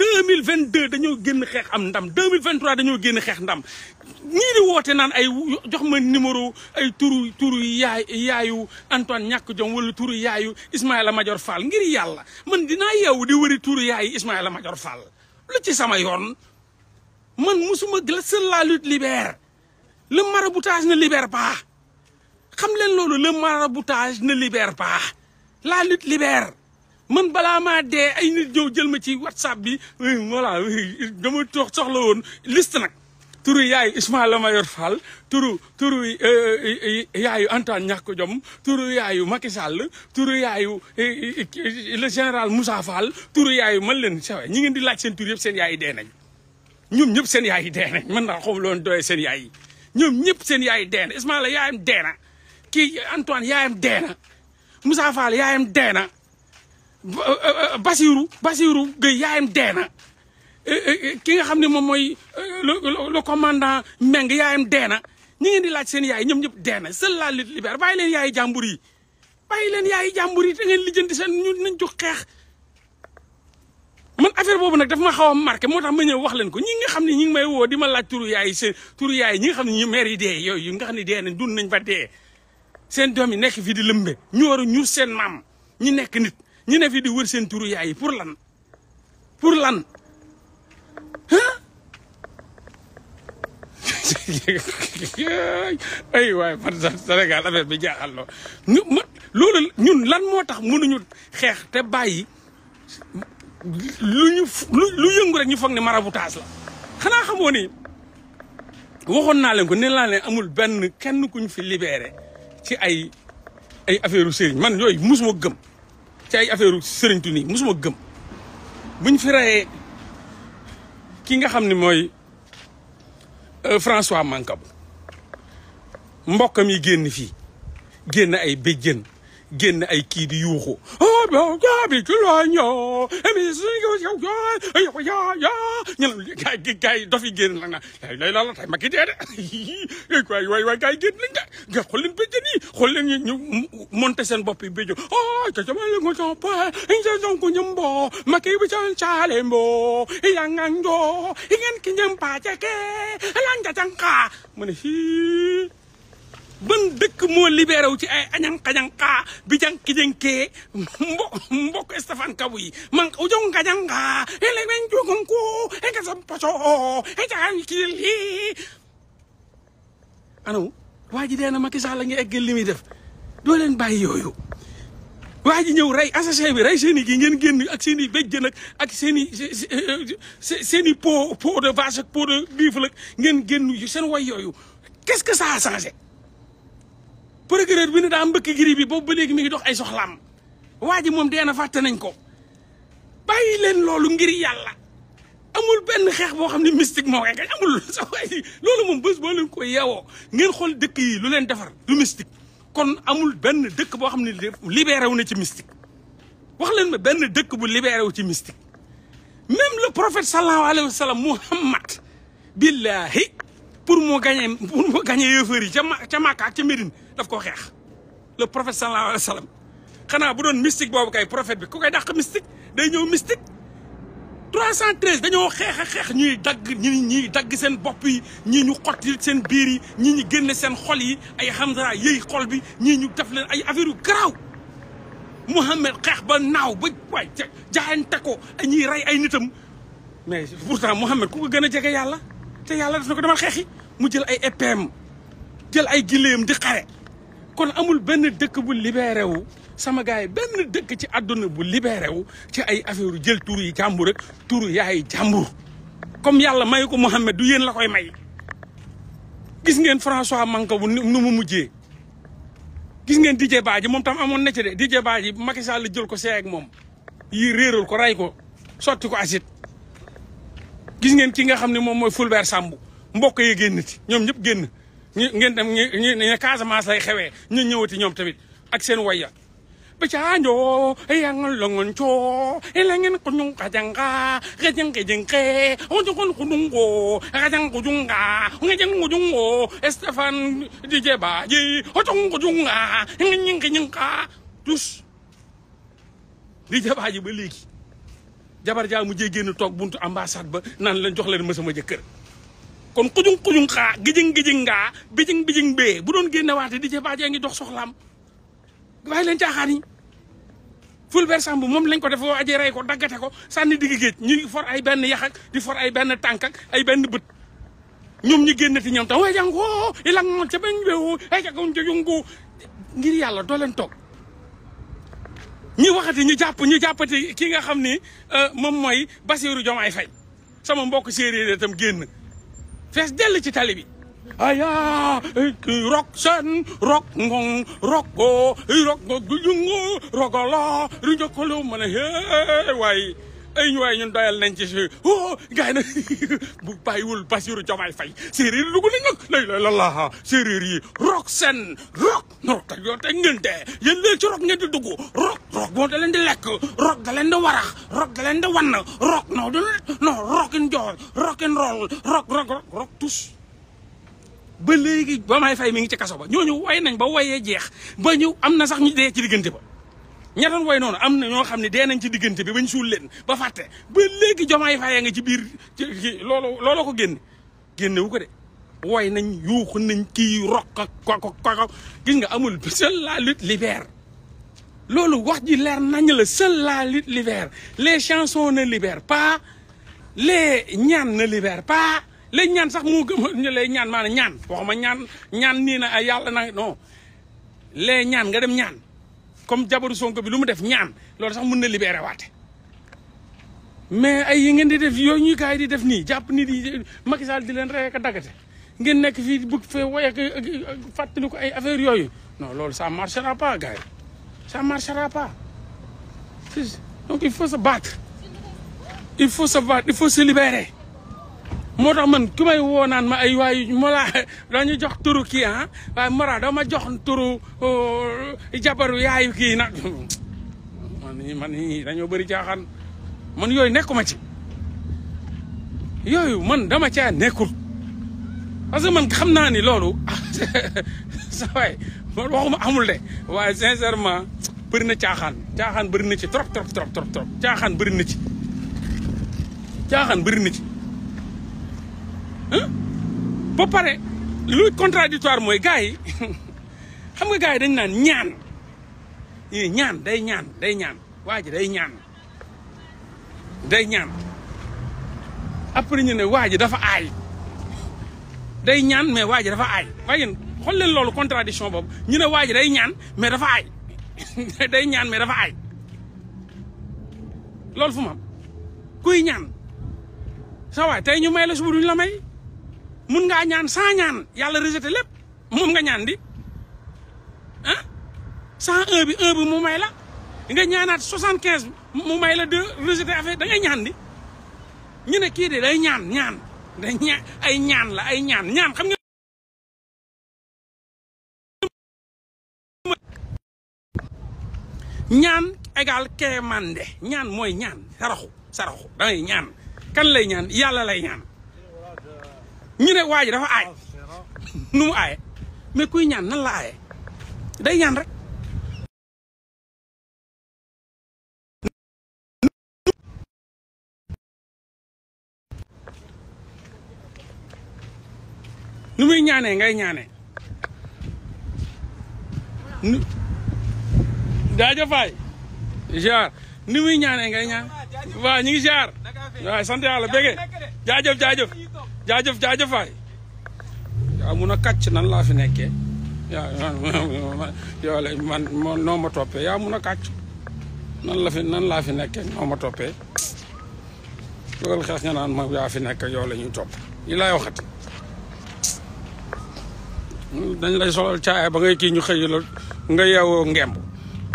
deux mille vingt deux dañoo génn xeex am ndam deux mille vingt trois dañoo génn xeex ndam ñii di woote naan ay jox ma numéro ay turu turu yaay yaayu Antoine ñàkk jom wala turu yaayu Ismaïla Madior Fall ngir yàlla man dinaa yeewu di wëri turu yaayu Ismaïla Madior Fall lu ci sama yoon man musuma la seule la lutte libère le maraboutage ne na pas xam leen loolu le maraboutage ne libère pas la lutte libère man balaa maa dee ay nit jël ma ci whatsapp bi voilà dama toox soxla woon liste nag turu yaayu Ismaïla Madior Fall turu turu euh, euh, yaayu Antoine Ñàkk Jom turu yaayu Macky Sall turu yaayu euh, le général Moussa Fall turu yaayu man leen sawe ñi ngeen di laaj seen tur yëpp seen yaay yi dee nañ ñoom ñëpp seen yaay yi dee nañ man daal xaw loon doyee seen yaay ñoom ñëpp seen yaay yi dee na Ismaïla yaayam dee na kii Antoine yaayam dee na na Basirou Basirou Gueye yaayam dee na eh, eh, eh, ki nga xam ne moom mooy le commandant Meng yaayam dee na ñi ngeen di laaj seen yaay ñoom ñëpp dee na seul la lutte libère bàyyi leen jàmbur yi bàyyi leen yaayu jàmbur yi da ngeen lijjanti seen ñu nañ jox xeex. man affaire boobu nag daf ma xaw a marqué moo tax ma ñëw wax leen ko ñi nga xam ne ñi ngi may woo di ma laaj turu yaay seen ne ñu yi dee yooyu nga xam ne dee nañ dund nañ fa dee seen doom yi nekk fii di lëmbe ñu waru ñu seen maam ñu nekk nit. ñu ne fi di wër seen turu yaay yi pour lan pour lan ah. ay waay man Sénégal affaire bi jaaxal na ñu loolu ñun lan moo tax mënuñu xeex te bàyyi lu ñu lu yëngu rek ñu foog ne maraboutage la xanaa xamoo ni waxoon naa leen ko ne laa leen amul benn kenn ku ñu fi libéré ci ay ay affaire u sëriñ man yooyu musuma gëm. ci ay affaire sëriñtu ni mosuma gëm buñ fi rayee ki nga xam ni mooy euh, François Mancabou mbokkam yi génn fii génn ay béjjén génn ay kii di yuuxu ah, bi ci laa ñëw ñu ne gaay gi gaay dof yi génn nag na lay lay laa la tay Macky dee de waay waay waay gaay génn lañ de xool leen béjjën yi xool leen ñu monté seen bopp yi béjjën oh ca ca wàllu ngo ca pa ñu sa son ko ñëm bo Macky bi ca caale mbo e, ya ngang do e, ngeen ki ñëm pa ca ke lan e, ca ca ka mu ne ban dëkk moo libéré wu ci ay añankañankaa bi jang mbok mbokk Stéphane yi man u jong kajankaa e eh, leg nañ joganko e eh, nga sam poso e eh, jaxan kii lii waa ji dee na Macky la ngi eggal li muy def doo leen yooyu waa ñëw rey assassin bi rey seen i kii ngeen génn ak seen i béjjën ak ak seen i seen i pot de vache ak pot de biif la ngeen génn seen way yooyu quest que ça a changé procureur bi ne daa mbëkk giri bi boobu ba léegi mi ngi dox ay soxlaam waa ji moom dee na fàtte nañ ko bàyyi leen loolu ngir yàlla amul benn xeex boo xam ne mystique moo koy gañ amul loolu moom bés boo ko yeewoo ngeen xool dëkk yi lu leen defar du mystique kon amul benn dëkk boo xam ne libéré wu na ci mystique wax leen ma benn dëkk bu libéré wu ci mystique même le prophète sallallahu alayhi wa sallam muhammad billahi pour moo gañee pour mu gañee yëfër ca Makka ak ca Médine daf koo xeex le prophète sallallahu alayhi wa sallam xanaa bu doon mystique boobu kay prophète bi ku koy dàq mystique day ñëw mystique 313 dañoo xeex a xeex ñuy dagg ñi ñuy dagg seen bopp yi ñii ñu xotti seen biir yi ñii ñu génne seen xol yi ay Hamza yëy xol bi ñii ñu def leen ay affaire yu garaaw Mouhamed xeex ba naaw ba waay jaayante ko ay ñuy rey ay nitam mais pourtant Mouhamed ku ko gën a jege yàlla te yàlla daf na ko demal xeexi mu jël ay EPM jël ay gileem di xare kon amul benn dëkk bu libéré sama gars yi benn dëkk ci àdduna bu libéré wu ci ay affaire jël tur yi jàmbur rek tur yaay jàmbur comme yàlla may ko Mouhamed du yéen la koy may gis ngeen François bu nu mu mujjee gis ngeen di Badji moom tam amoon na ci de Didier Badji Macky Sall jël ko see ak moom yi réeral ko ray ko sotti ko acide gis ngeen ki nga xam ne moom mooy Fulbert Sambou mbokk yee génn ci ñoom ñëpp génn ñu ngeen dem ñu ne Casamance lay xewee ñu ñëwati ñoom tamit ak seen waya bacanjo yang longoncho elangin kunung kajangka kajang kajengke ojong kunungko kajang kujungka ngajang kujungko Stefan DJ Baji ojong kujungka ngajang kajengka dus DJ Baji ba legi jabar ja mu jégéenu toog buntu ambassade ba nan lañ jox leen ma sama jëkkër kon xujung xujung xaa gijing gijing ngaa bijing bijing bee bu doon génnewaate di ca baajee ngi dox soxlaam waaye leen caaxaan yi Fulbert moom lañ ko def woo aji rey ko daggate ko sànni digg géej ñuy for ay benn yax di for ay benn tànk ay benn bët ñoom ñu génnati ñoom tam way jàng woo il ak moom ca bañ wéewu ay jagawuñ ca ngir yàlla doo leen toog ñi waxati ñu jàpp ñu jàppati kii nga xam ni euh, moom mooy Bassirou Diomaye Faye sama mbokk séeréer tam génn fees dell ci tali bi aya rok sen rok ngong rok go rok go du jungo rokala ri jokkalo mën a waay ay ñu waaye ñun doyal nañ ci si o oh, gars yi nag bu bàyyiwul Bassirou Diomaye Faye séeréer yi dugg nañ nag lay la lala séeréer yi rok seen rok rok ta yoo teg ngeen dee yéen léegi ci rok ngeen di dugg rok rok moo da leen di lekk rok da leen di warax rok da leen di ba léegi Diomaye mi ngi ci kaso ba ñooñu way nañ ba wayee jeex ba ñu am na sax ñu dee ci diggante ba ña doon woy noonu am na ñoo xam ne dee nañ ci diggante bi bañ suul leen ba fàtte ba léegi jomaay fayee nga ci biir ci loolu looloo ko génne génne wu ko de woy nañ yuuxu nañ kii rok ak koko koko gis nga amul seule la lutte libère loolu wax ji leer nañ la seule la lutte libère les chansons ne libèrent pas les ñaan ne libèrent pas les ñaan sax moo gëm les ñaan maanaam ñaan waxuma ñaan ñaan nii na ay yàlla na non les ñaan nga dem ñaan comme jabaru sonko bi lumu def ñaan lolu sax mën na libéré waté mais ay yi ngeen di def yoy ñuy kay di def ni japp ni di Macky Sall di len réé ka dagaté ngeen nek fi bu fe woy ak fàttali ko ay affaire yoy non lolu ça marchera pas gars ça marchera pas donc il faut se battre il faut se battre il faut se libérer moo tax man ku may woo naan ma ay waay Mollah dañu jox turu kii ah waaye Mara dama jox turu uh, jabaru yaayu kii nag man man dañoo bëri caaxaan man yooyu nekku ma ci yooyu man dama caa nekkul parce que man xam naa ni loolu sa waay man waxuma amul de waaye sincèrement bëri na caaxaan caaxaan bari na ci trop trop trop trop trop caaxaan bëri na ci caaxaan bari na ci ba pare luy contradictoire mooy gars yi xam nga gars yi dañ naan ñaan ñaan day ñaan day ñaan waa ji day ñaan day ñaan après ñu ne waaj dafa aay day ñaan mais waaj ji dafa aay waa yéen xool leen loolu contradiction boobu ñu ne waa ji day ñaan mais dafa aay day ñaan mais dafa aay loolu fu mu am kuy ñaan sa tey ñu may la suba la may mun ngaa ñaan sans ñaan yàlla rejeté lépp moom nga ñaan di ah cent un bi un bi mu may la nga ñaanaat soixante quinze mu may la de rejeté affaire da ngay ñaan di ñu ne kii de day ñaan ñaan day ay ñaan la ay ñaan ñaan xam nga ñaan égal keemande ñaan mooy ñaan saraxu saraxu da ñaan kan lay ñaan yàlla lay ñaan ñu ne waa ji dafa aay nu mu aaye mais kuy ñaan nan la aaye day ñaan rek nu muy ñaanee ngay ñaanee nu jaajo faay jaar ni muy ñaanee ngay ñaan waaw ñu ngi jaar waaw sant yàlla bége jaajëf jaajëf jaajëf jaajëfaay waaw mun a kàcc nan laa fi nekkee yow ma toppee yaa mun a kàcc nan la nan laa fi nekkee noo ma toppee loolu xeex nga naan yaa fi nekk yow la ñuy topp li laay waxati dañ lay solal caaya ba ngay kii ñu xëyee la nga yeewoo ngemb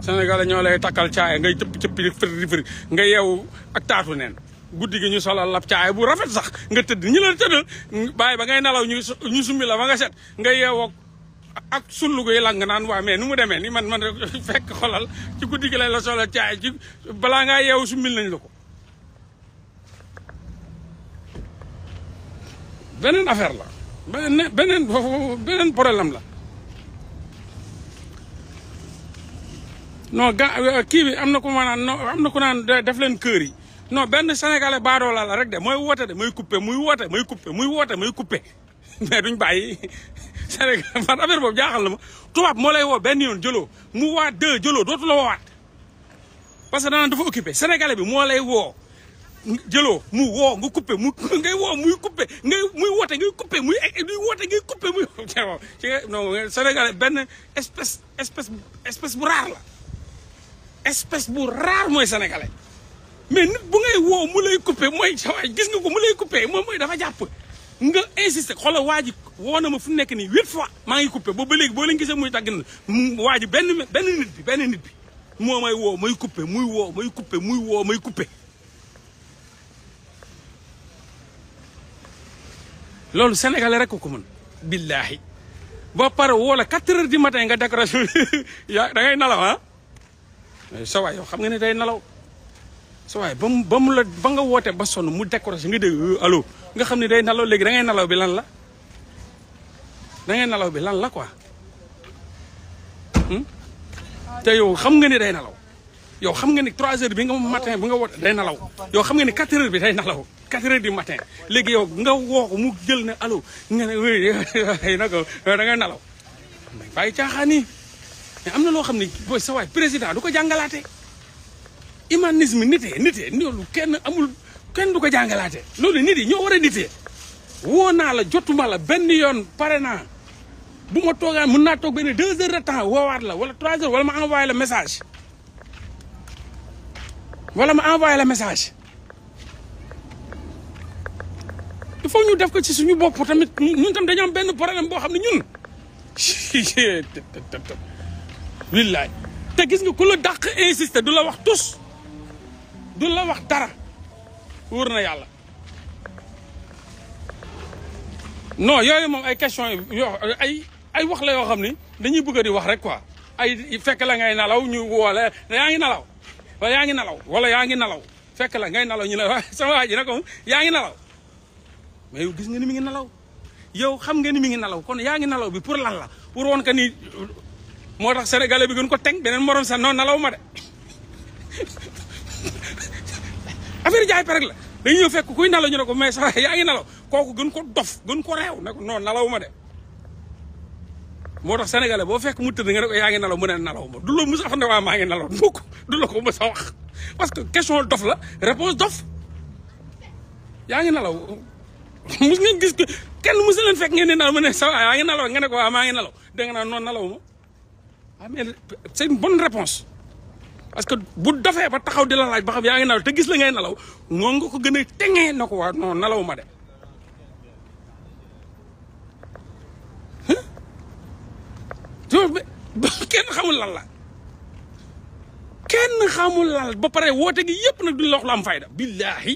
Sénégal ñoo lay takkal caaya ngay cëpp cëppi firi firi nga yeewu ak taatu neen guddi gi ñu solal la caay bu rafet sax nga tëdd ñi la tëddal bàyyi ba ngay nelaw ñu ñu summi la ba nga set nga yeewoo ak sullu guy lang naan waa mais nu mu demee ni man man rek fekk xolal ci guddi gi lay la solal caay ci balaa ngaa yeewu summil nañ la ko beneen affaire la beneen beneen beneen problème la non ga kii bi am na ku ma naan am na ku naan def leen kër yi non benn sénégalais baadoola la rek de mooy woote de mooy coupé muy woote muy coupé muy woote muy coupé mais duñ bàyyi Sénégal man affaire boobu jaaxal na ma tubaab moo lay woo benn yoon jëloo mu waa deux jëloo la woowaat parce que danaan dafa occupé sénégalais bi moo lay woo jëloo mu woo nga coupé mu ngay woo muy coupé ngay muy woote ngay coupé muy muy woote ngay coupé muy ci no sénégalais benn espèce espèce espèce bu raar la espèce bu raar mooy sénégalais mais nit bu ngay woo mu lay coupé mooy sawaay gis nga ko mu lay coupé moom mooy dafa jàpp nga insisté xoolal waa ji na ma fu nekk nii huit fois maa ngi coupé boobu ba léegi boo leen gisee muy tàgg na waa ji benn benn nit bi benn nit bi moo may woo may coupé muy woo may coupé muy woo may coupé loolu sénégalais rek ko mën billaahi boo pare woo la quatre heures du matin nga décoration yaa da ngay nalaw ah sa waay yow xam nga ne day nalaw sa waay ba mu ba mu la ba nga woote ba sonn mu découragé nga dégg euh, alo nga xam ne day nalaw léegi da ngay nalaw bi lan la da ngay bi lan la quoi hmm? te yow xam nga ni day nalaw yow xam nga ni 3 heures bi nga matin bi nga woote day nalaw yow xam nga ni 4 heures bi day nalaw 4 heures du matin léegi yow nga woo mu jël ne allo nga na ko da ngay nalaw bàyyi caaxaan yi am na loo xam ne booy sa président du ko jàngalaate humanisme nitee nitee loolu kenn amul kenn du ko jàngalaate loolu nit yi ñoo war a nitee woo naa la jotuma la benn yoon pare naa bu ma toogaan mën naa toog benn deux heures de temps woowaat la wala trois heures wala ma envoyé la message wala ma envoyé la message il faut ñu def ko ci suñu bopp tamit ñun tam dañu am benn problème boo xam ne ñun willaay te gis nga ku la dàq insister du la wax tus du la wax dara wóor na yàlla non yooyu moom ay question yoo ay ay wax la yoo xam dañuy bëgg di wax rek quoi ay fekk la ngay nalaw ñu woola yaa ngi nalaw wala yaa ngi nalaw wala yaa ngi nalaw fekk la ngay nalaw ñu la ah, sama waa ji nag moom nalaw mais yow gis nga ni mi ngi nalaw yow xam nga ni mi ngi nalaw kon yaa nalaw bi pour lan la pour woon que ni moo tax sénégalais bi gën ko teg beneen morom sa non nalaw ma de affaire jaay perek la dañuy ñëw fekk kuy nelaw ñu ne ko mais sa yaa ngi nelaw kooku gën ko dof gën ko réew ne ko non nelaw ma moo tax sénégalais boo fekk mu tëdd nga ne yaa ngi nelaw mu ne nelaw ma du la a wax waa maa ngi nelaw mukk du la ko mës a wax parce que question dof la réponse dof yaa ngi nelaw mus ngeen gis kenn musu leen fekk ngeen ne nelaw mu ne sa waa yaa ngi nelaw nga ne ko waa maa ngi nelaw da nga naan noonu nelaw ma ah mais c'est une parce que bu dofee ba taxaw di la laaj ba xam yaa ngi nalaw te gis la ngay nalaw ngoo nga ko gën a tengee na ko waa non nalaw ma de kenn xamul lan la kenn xamul lan ba pare woote gi yëpp nag du la wax lu am fayda billaahi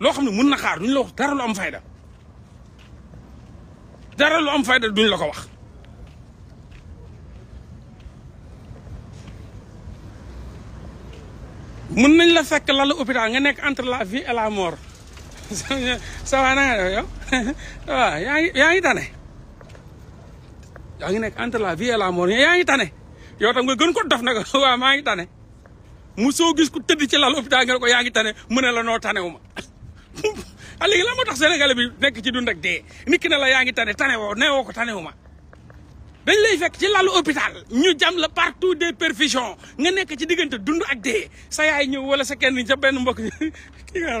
loo xam ne mun na xaar duñ la wax dara lu am fayda dara lu am fayda duñ la ko wax mën nañ la fekk lalu hôpital nga nekk entre la vie et la mort ça va na nga yaa ngi yaa ngi tane yaa ngi nekk entre la vie et la mort yaa ngi tane yow tam nga gën ko dof nag waaw maa ngi tane mu soo gis ku tëdd ci lalu hôpital nga ko yaa ngi tane mu ne la noo tane wu ma ah, léegi la moo tax sénégalais bi nekk ci dund ak dee nit ki ne la yaa ngi tane tane woo ne woo ko tane wu ma dañ lay fekk ci lalu hôpital ñu jam la partout des perfusions nga nekk ci diggante dund ak dee sa yaay ñëw wala sa kenn ca benn mbokk kii nga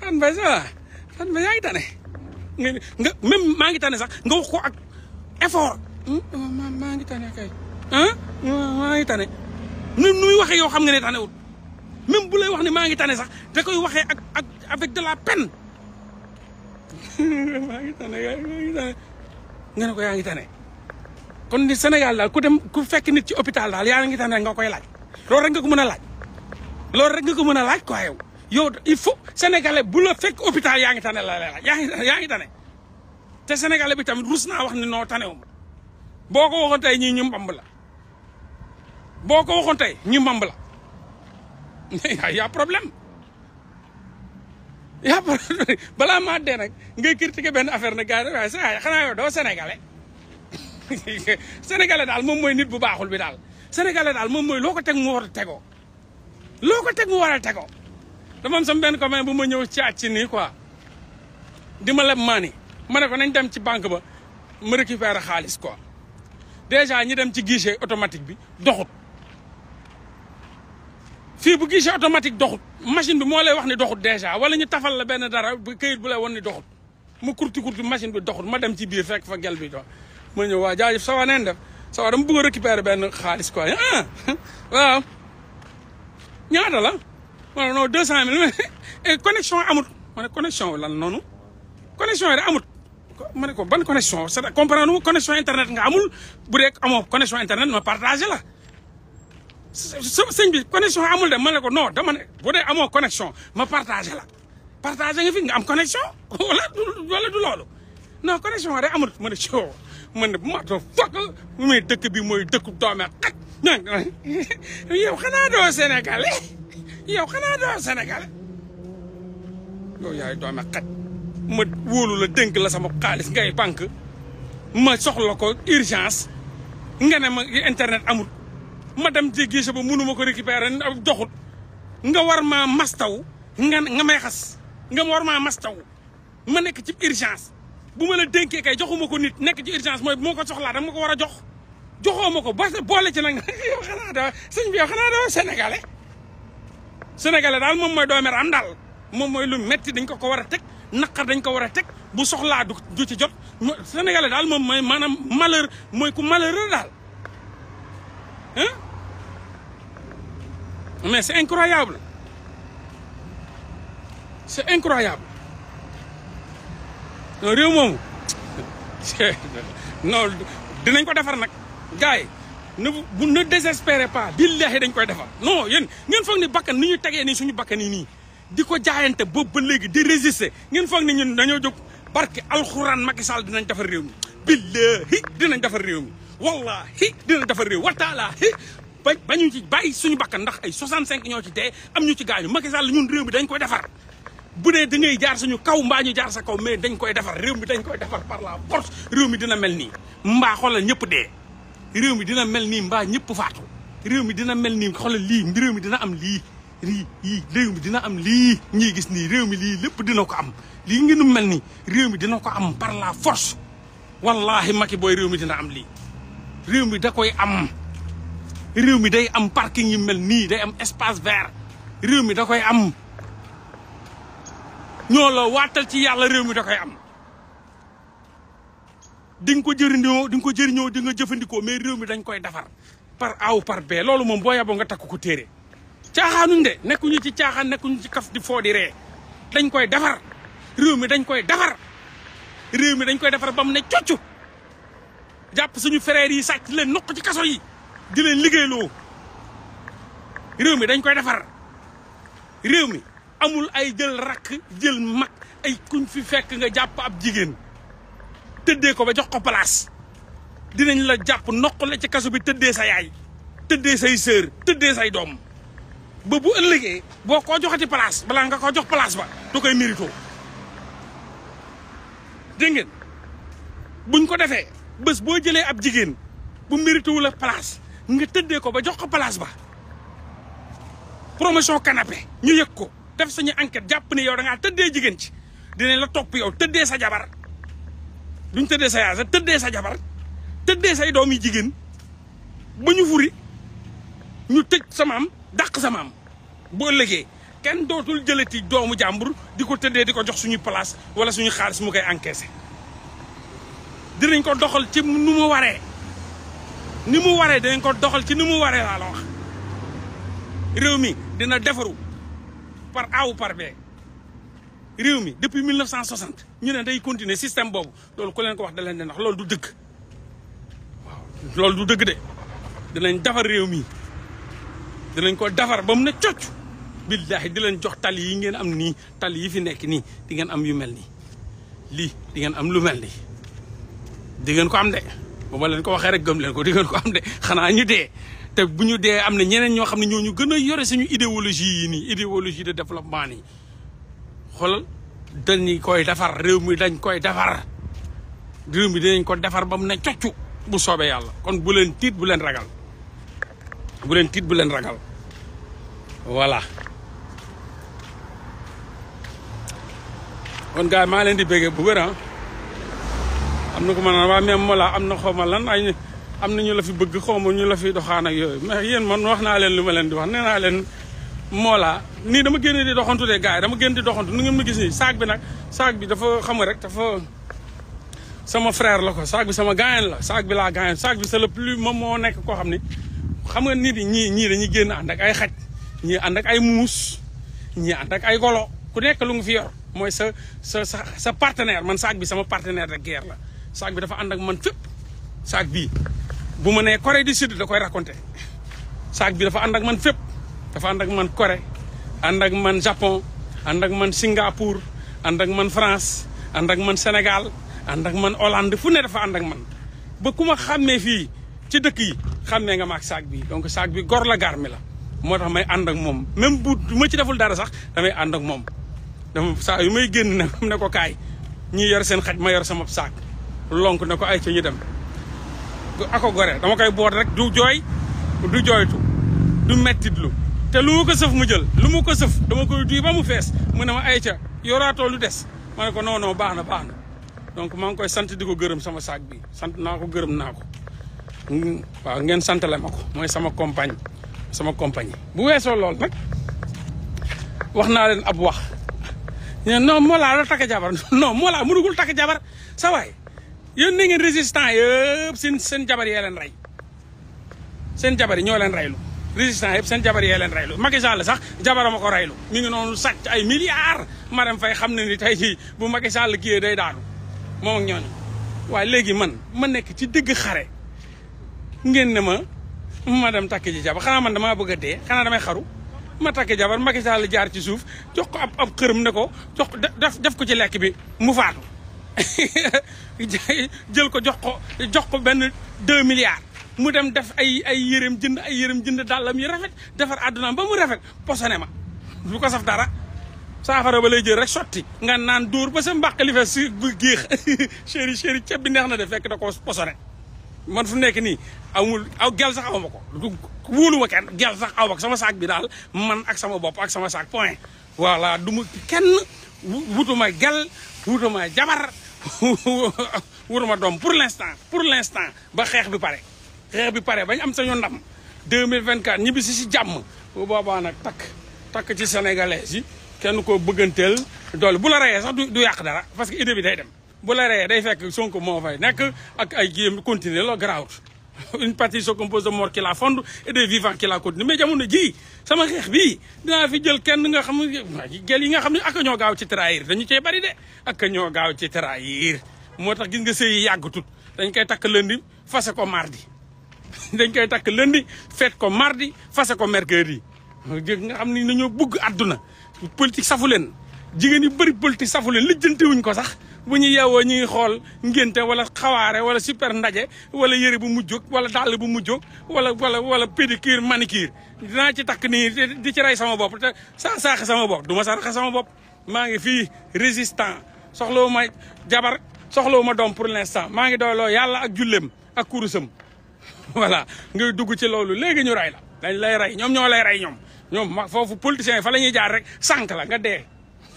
xam bay ça va xam yaa ngi tane nga maa ngi tane sax nga wax ko ak effort hmm? maa ngi tane kay maa ngi tane même nuy waxee xam nga ne tanewut même bu lay wax ne maa ngi tane sax da koy waxee ak ak avec de la peine maa ngi nga ne ko yaa ngi tane kon ni Sénégal daal ku dem ku fekk nit ci hôpital daal yaa ngi tànn rek nga koy laaj loolu rek nga ko mën a laaj loolu rek nga ko mën a laaj quoi yow yow il faut sénégalais bu la fekk hôpital yaa ngi tànn la lay laaj yaa ngi yaa ngi tànn te sénégalais bi tamit rus naa wax ne noo tànnewu ma boo ko waxoon tey ñii ñu mbamb la boo ko waxoon tey ñi mbamb la y a problème y problème balaa maa dee nag ngay critiquer benn affaire ne gars yi waaye xanaa yow doo sénégalais daal moom mooy nit bu baaxul bi daal sénégalais daal moom mooy loo ko teg mu war a tegoo loo ko teg mu war a tegoo dama am sama benn copain bu ma ñëw ci àcc nii quoi di ma leb maani ma ne ko nañ dem ci banque ba ma récupérer xaalis quoi déjà ñi dem ci guichet automatique bi doxut fii bu guichet automatique doxut machine bi moo lay wax ni doxut déjà wala ñu tafal la benn dara bu këyit bu lay won ni doxut mu kurti kurti machine bi doxut ma dem ci biir fekk fa gel bi ma ñëw waa jaajëf ça va neen def ça va dama bëgg a récupérer benn xaalis quoi ah ñaata la wala non deux cent mil et connexion amut ma ne connexion lan noonu connexion yi amut ma ne ko ban connexion c'est comprendre connexion internet nga amul bu dee amoo connexion internet ma partagé la sëñ bi connexion amul de ma ne ko non dama ne bu dee amoo connexion ma partagé la partagé nga fi nga am connexion wala du wala du loolu non connexion amut ma ne ci man ne ma doon fokk muy dëkk bi mooy dëkku doome xaj yow xanaa doo sénégalais yow xanaa doo sénégalais yow yaay doome xaj ma wóolu la dénk la sama xaalis ngay banque ma soxla ko urgence nga ne ma internet amul ma dem jéggi sa ba mënu ko récupérer doxut nga war ma mastaw nga nga may xas nga war maa mastaw ma nekk ci urgence bu ma la dénkee kay joxuma ko nit nekk ci urgence mooy moo ko soxlaa dama ko war jox joxoo ko ba boole ci nag yow xanaa da sëñ bi yow xanaa daal moom mooy doomeer am daal moom mooy lu metti dañ ko ko war a teg naqar dañ ko war a teg bu soxlaa du du ci jot sénégalais daal moom mooy maanaam malheur mooy ku malheureux daal ah mais c'est incroyable c'est incroyable non réew moom non dinañ ko defar nag gars yi ne bu ne désespérez pas billahi dañ koy defar non yen ngeen foog ni bakkan ni ñu tegee nii suñu bakkan yi nii di ko jaayante boobu ba léegi di résister ngeen foog ni ñun dañoo jóg barke alxuraan Macky Sall dinañ defar réew mi billahi dinañ defar réew mi wallahi dinañ defar réew wataalaahi ba bañu ci bàyyi suñu bakkan ndax ay 65 ñoo ci dee am ñu ci gaañu Macky Sall ñun réew mi dañ koy defar bu dee da ngay jaar suñu kaw mbaa ñu jaar sa kaw mais dañ koy defar réew mi dañ koy defar par la force réew mi dina mel nii mbaa xoolal ñëpp dee réew mi dina mel nii mbaa ñëpp faatu réew mi dina mel nii xoolal lii réew mi dina am lii lii yii réew mi dina am lii ñuy gis nii réew mi lii lépp dina ko am lii ngi nu mel nii réew mi dina ko am par la force wallahi maki booy réew mi dina am lii réew mi da koy am réew mi day am parking yu mel nii day am espace vert réew mi da koy am ñoo la waatal ci yàlla réew mi da koy am di ko jëriñoo di nga ko jëriñoo di jëfandikoo mais réew mi dañ koy defar par aw par bee loolu moom boo yaboo nga takk ko téere caaxaanuñ de nekkuñu ci caaxaan nekkuñu ci kaf di foo di dañ koy dafar réew mi dañ koy defar réew mi dañ koy defar ba mu ne cocc jàpp suñu frères yi sàcc leen nokk ci kaso yi di leen liggéeyloo réew mi dañ koy defar réew mi amul ay jël rak jël mak ay kuñ fi fekk nga japp ab jigen teddé ko ba jox ko place dinañ la japp nokku la ci kaso bi teddé sa yaay teddé say sœur teddé say dom ba bu ëllëgé boo joxati place bala nga ko jox place ba du koy mérito dégg buñ ko défé bés bo jëlé ab jigen bu mérito wala place nga teddé ko ba jox ko place ba promotion canapé ñu yëg ko def suñu enquête japp ne yow da nga tëddee jigen ci dinañ la top yow tëddee sa jabar duñ tëddee sa yaa sa sa jabar tëddee say doomi jigen jigéen furi ñu tejj sa mam dakk sa mam bo ëllëgé kèn dootul jëlati doomu jambur diko ko diko jox suñu place wala suñu xaalis mu kay encaissé dinañ ko doxal ci nu mu waré ni mu waré dinañ ko doxal ci nu mu waré la wax réew mi dina défaru par A ou par B réew mi depuis 1960 ñu ne day continuer système boobu loolu ku leen ko wax da leen ne ndax loolu du dëgg waaw loolu du dëgg de dinañ defar réew mi dinañ ko defar ba mu ne cocc billaahi di leen jox tali yi ngeen am nii tali yi fi nekk nii di ngeen am yu mel nii lii di ngeen am lu mel nii di ngeen ko am de bu ma leen ko waxee rek gëm leen ko digeen ngeen ko am de xanaa ñu dee. te bu ñu dee am na ñeneen ñoo xam ne ñoo ñu gën a yore suñu idéologie yi nii idéologie de développement nii xoolal dañu koy defar réew mi dañ koy defar réew mi dinañ ko defar ba mu ne coccu bu soobee yàlla kon bu leen tiit bu leen ragal bu leen tiit bu leen ragal voilà kon gars yi maa leen di béggee bu a ah. am na ko ma naan waa même Mollah am na xaw lan am na ñu la fi bëgg xaw ma ñu la fi doxaan ak yooyu mais yéen man wax naa leen lu ma leen di wax nee naa leen moolaa nii dama génn di doxantu de gars yi dama génn di doxantu nu ngeen ma gis nii saag bi nag saag bi dafa xam rek dafa sama frère la ko saag sama gaayen la saag bi laa gaayen saag bi c'est le plus moom moo nekk koo xam ni xam nga nit yi ñii ñii dañuy génn ànd ak ay xaj ñii ànd ak ay muus ñii ànd ak ay golo ku nekk lu fi mooy sa sa sa sa partenaire man saag bi sama partenaire de guerre la saag bi dafa ànd ak man fépp saag buma né nee Corée du Sud da koy raconter sac bi dafa and ak man fépp dafa and ak man Corée and ak man Japon and ak man Singapour and ak man France and ak man Sénégal and ak man Hollande fu ne dafa and ak man ba kuma xamé fi ci dëkk yi xamé nga ma ak bi donc sac bi gor la garmi la motax may and ak mom même bu ma ci deful dara sax damay and ak mom dama sa yu may genn na am ko kay ñi yor seen xaj ma yor sama sac lonk nako ay ci ñu dem ako gore dama koy bor rek du joy du jooytu du lu te lu ko seuf mu jël lu mu ko seuf dama koy duy ba mu fess mu ne ma ay ca yoraatoo lu dess ma ko non non baxna baxna donc mang koy sante diko ko sama sac bi sante nako ko nako mm, wa ngeen sante la mako moy sama compagne sama compagne bu wesso lol nak wax naa leen ab wax non moo laa la tak jabar non moo laa mënugul jabar sa way yéen na ngeen résistant yëpp seen seen jabar yee leen rey seen jabar yi ñoo leen reylu résistant yëpp seen jabar yee leen reylu Macky Sall sax jabarama ko reylu mi ngi noonu sàcc ay milliards Marème fay xam ne ni tey jii bu Macky Sall kii day daanu moom ak ñooñu léegi man ma nekk ci dëgg xare ngeen ne ma ma dem takk ji jabar xanaa man damaa bëgg dee xanaa damay xaru ma takk jabar Macky Sall jaar ci suuf jox ko ab ab mu ne ko jox def def ko ci lekk bi mu faatu jël ko jox ko jox ko ben 2 milliards mu dem def ay ay yërëm jënd ay yërëm jënd dalam yi rafet defar aduna ba mu rafet posone ma bu ko saf dara saafara ba lay jël rek soti nga nan dur ba sa mbàq li fe si bu chéri chéri ci bi neex na def fekk da ko posone man fu nek ni amul aw gel sax awmako ko wóoluma gel sax sama sak bi dal man ak sama bop ak sama sak point voilà du ken wutuma gel wutuma jabar wuruma doom pour l' instant pour l' instant ba xeex bi pare xeex bi pare bañ am sañu ndam deux 2024 ñibbi si si jàmm bu ak nag takk takk ci sénégalais yi kenn koo bëgganteel doole bu la reyee sax du yàq dara parce que idée bi day dem bu la reyee day fekk Sonko moo fay nekk ak ay géem continuer la garaawut une partie se compose de morts qui la fondent et de vivants qui la continuent mais jamono ji sama xeex bii dinaa fi jël kenn nga xam gel yi nga xam ne ak ñoo gaaw ci trahir dañu cee bari de ak ñoo gaaw ci trahir moo tax gis nga sëy yi yàggatut dañ koy takk lundi fase ko mardi dañ koy takk lundi feet ko mardi fase ko mercredi nga xam ni nañoo bugg àdduna politique safu leen jigéen yu bëri politique safu leen lijjanti wuñ ko sax buñu yawo yeewoo xol ngenté wala xawaare wala super ndaje wala yëre bu mujjuk wala dal bu mujjuk wala wala wala pédicure manicure na ci tak ni di ci ray sama bop sa sa saaxe sama bop duma ma saraxe sama fi ma ngi fi résistant jabar soxlawu ma doom pour l'instant ma ngi doyloo yalla ak jullem ak kurusam voilà ngay dugg ci lolu léegi ñu ray la dañ lay ray ñom ñoo lay rey ñom ñoom foofu politiciens fa lañuy jaar rek sank la nga dee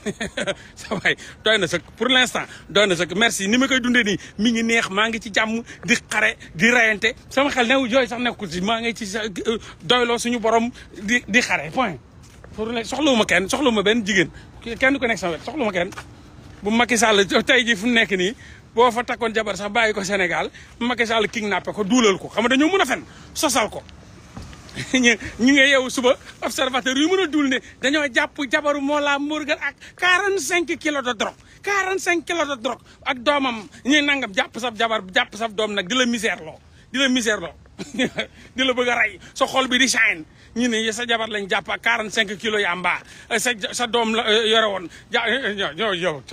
sa waay doy na sëkk pour l' instant doy na sëkk merci ni ma koy dundee nii mi ngi neex maa ngi ci jàmm di xare di rayante sama xel new yooyu sax nekkul si maa ngi ci sa euh, doyloo suñu borom di di xare point pour le soxlawu ma kenn soxlawu ma benn jigéen kenn ku nekk sama wet soxlawu ma kenn bu Macky Sall tey ji fu mu nekk nii boo fa takkoon jabar sax bàyyi ko Sénégal Macky Sall kidnappé ko duulal ko xam nga dañoo mën a fen sosal ko ñu ngi yow suba observateur yu mëna a dul ne dañoo jàpp jabaru Mollah Morgun ak 45 kilo de drogue 45 kilo de drogue ak domam ñi nangam japp sab jabar japp sab dom nak dila misère lo dila misère lo dila bëgg ray rey sa xol bi di shine ñi ne sa jabar lañ japp 45 kilo ya mba eh, sa sa doom la eh, yoré won eh, yo yo yow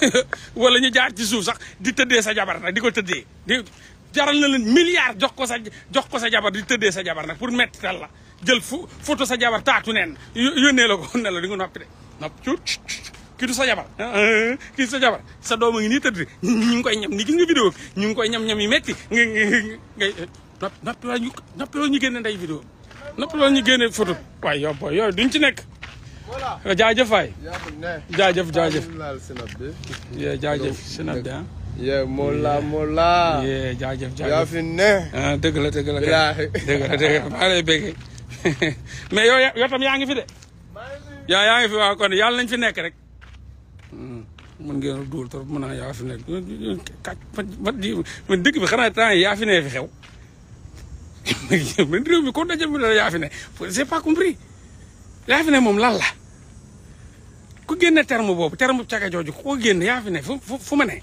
wala ñu jaar ci suuf sax di teudé sa jabar nak diko teudé di jaral na leen milliard jox ko sa jox ko sa jabar di tëddee sa jabar nag pour metti tal la jël fu photo sa jabar taatu neen yónnee la ko ne la di nga noppi de nopp cuut kii du sa jabar ah, ah, ah. kii du sa jabar sa doom a ngi nii tëdd ñu ngi koy ñam ni gis nga vidéo ñu ngi koy ñam-ñam yi metti nga ngay eh, nopp noppi waa ñu noppi loolu ñu génne nday vidéo noppi loolu ñu génne photo waaye yow booy yooyu duñ ci nekk jaajëf waay jaajëf jaajëf jaajëf sinab bi ah yee Mawla Mawla. yee jaajëf jaajëf yaa fi ne. ah dëgg la dëgg la. yaayi dëgg la dëgg la maa lay bëggee mais yow yow tam yaa ngi fi de. yaa yaa ngi fi waaw kon yàlla nañ fi nekk rek. Hmm. mën ngeen a dugal trop mën naa yaa fi nekk kàcc man man dëkk bi xanaa temps yi yaa fi ne fi xew. man réew mi kon daje bi la yaa fi ne c'est pas compris yaa fi ne moom lan la. ku génne terme boobu terme caga jooju ku ko génne yaa fi ne fu fu ma ne.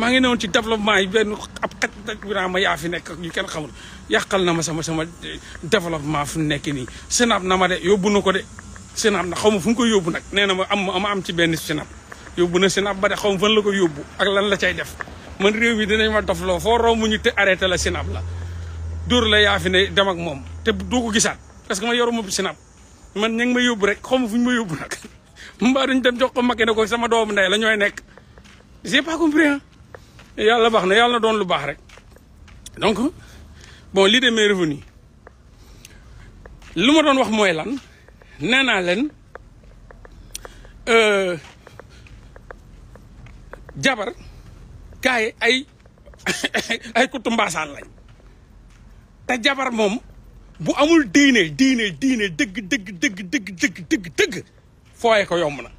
maa ngi newoon ci développement yi benn ab xet ma yaa fi nekk ak ñu kenn xamul yàqal na ma sama sama eh, développement fu nekk nii Sénap na ma de yóbbu na ko de Sénap na xaw ma fu mu koy yóbbu nag nee na ma am ma am ci benn Sénap yóbbu na Sénap ba de xaw ma fan la ko yóbbu ak lan la cay def man réew mi dinañ ma dofloo foo romb ñu te arrêté la Sénap la dóor la yaa ne dem ak moom te doo ko gisaat parce que ma yoruma Sénap man ña ma yóbbu rek xaw ma fu ñu ma yóbbu nag mbaa duñ dem jox ko Macky ne ko sama doomu ndey la ñooy nekk yàlla baax na yàlla doon lu baax rek donc bon lii de mes revenus lu ma doon wax mooy lan nee naa leen euh, jabar gars yi ay ay kutu mbaasaan lañ te jabar moom bu amul diine diine diine dëgg dëgg dëgg dëgg dëgg dëgg dëgg fooye ko yomb na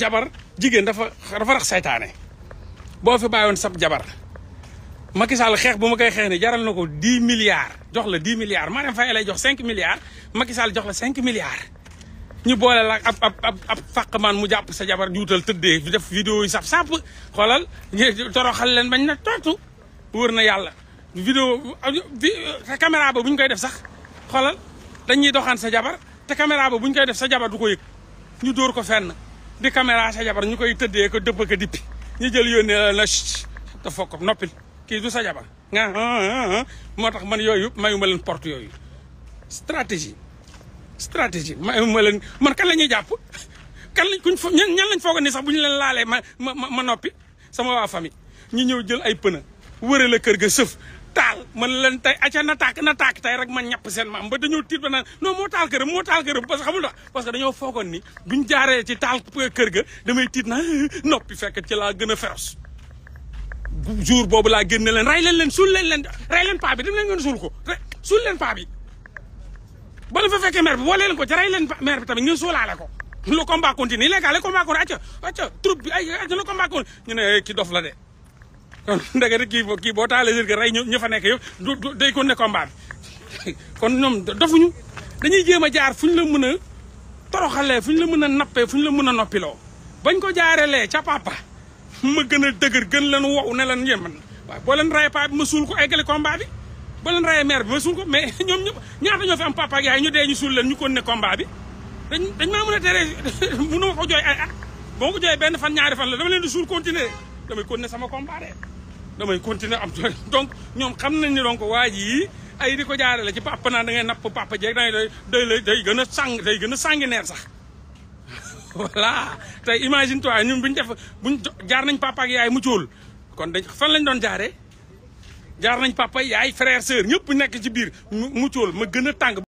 jabar jigéen dafa dafa rax saytaane bo fi bayon sap jabar Macky Sall xex bu ma koy xex ni jaral nako 10 milliards jox la 10 milliards Marième fay lay jox 5 milliards Macky Sall jox la 5 milliards. ñu boole la ab ab ab ab man mu japp sa jabar juutal tëddee def vidéo yi sap sap xolal ñi toroxal leen bañ na tortu wër na yàlla. vidéo sa caméra ba buñ koy def sax xoolal dañuy doxan sa jabar te caméra ba buñ koy def sa jabar du ko yek ñu door ko fenn di caméra sa jabar ñukoy koy ko depp ko dippi ñu jël yónnee la la te fokk noppil kii du sa jabar nga ah, ah, ah. moo tax man yooyu mayu ma leen porte yooyu stratégie stratégie mayu ma leen man kan la ñuy jàpp kan lañ kuñ fo ñan lañ foog ni sax bu ñu leen laalee ma ma ma noppi sama waa famille ñu ñëw jël ay pëna la kër ga sëf taal man leen tey acca na tàkk na tàkk tey rek ma ñàpp seen maam ba dañoo tiit ba naan non moo taal këram moo taal këram parce que xamul tax parce que dañoo foogoon ni buñ jaaree ci taal kër ga damay tiit na noppi fekk ci laa gën a féroce jour boobu laa génne leen rey leen leen suul leen leen rey leen paa bi dem ngeen suul ko suul leen paa bi ba la fa fekkee maire bi woo leen ko ci rey leen maire bi tamit ngeen suulaale ko le combat continue léegi le combat continue acca acca troupe ne eh, ki dof la de kon ndekete kii boo kii boo taalee jël rey ñu fa nekk yëpp du kon ko ne combat bi kon ñoom dofuñu dañuy jéem a jaar fu ñu la mën a toroxalee fu ñu la mën a nappee fu ñu la mën a noppiloo bañ ko jaarelee ca papa ma gën a dëgër gën leen wow ne leen yéen man waaye boo leen rayee paa ma suul ko eggale combat bi boo leen ko mais ñoom ñëpp ñaata ñoo fi am papa ak yaay ñu dee ñu suul leen ñu kon ne combat bi dañ dañ maa mën a teree mënu ma ko jooy ay ah boo ko jooyee benn fan ñaari fan la dama leen di suul continuer damay continuer sama combat damay continuer am donc ñoom xam nañ ne donc waa ji ay di ko la ci papa naan da ngay napp papa jeeg da ngay day day gën a sàng day gën a sanguinaire sax voilà te imagine toi ñun buñ def buñ jaar nañ papa yaay mu cóol kon dañ fan lañ doon jaare jaar nañ papa yaay frère sœur ñëpp nekk ci biir mu cóol ma gën a tàng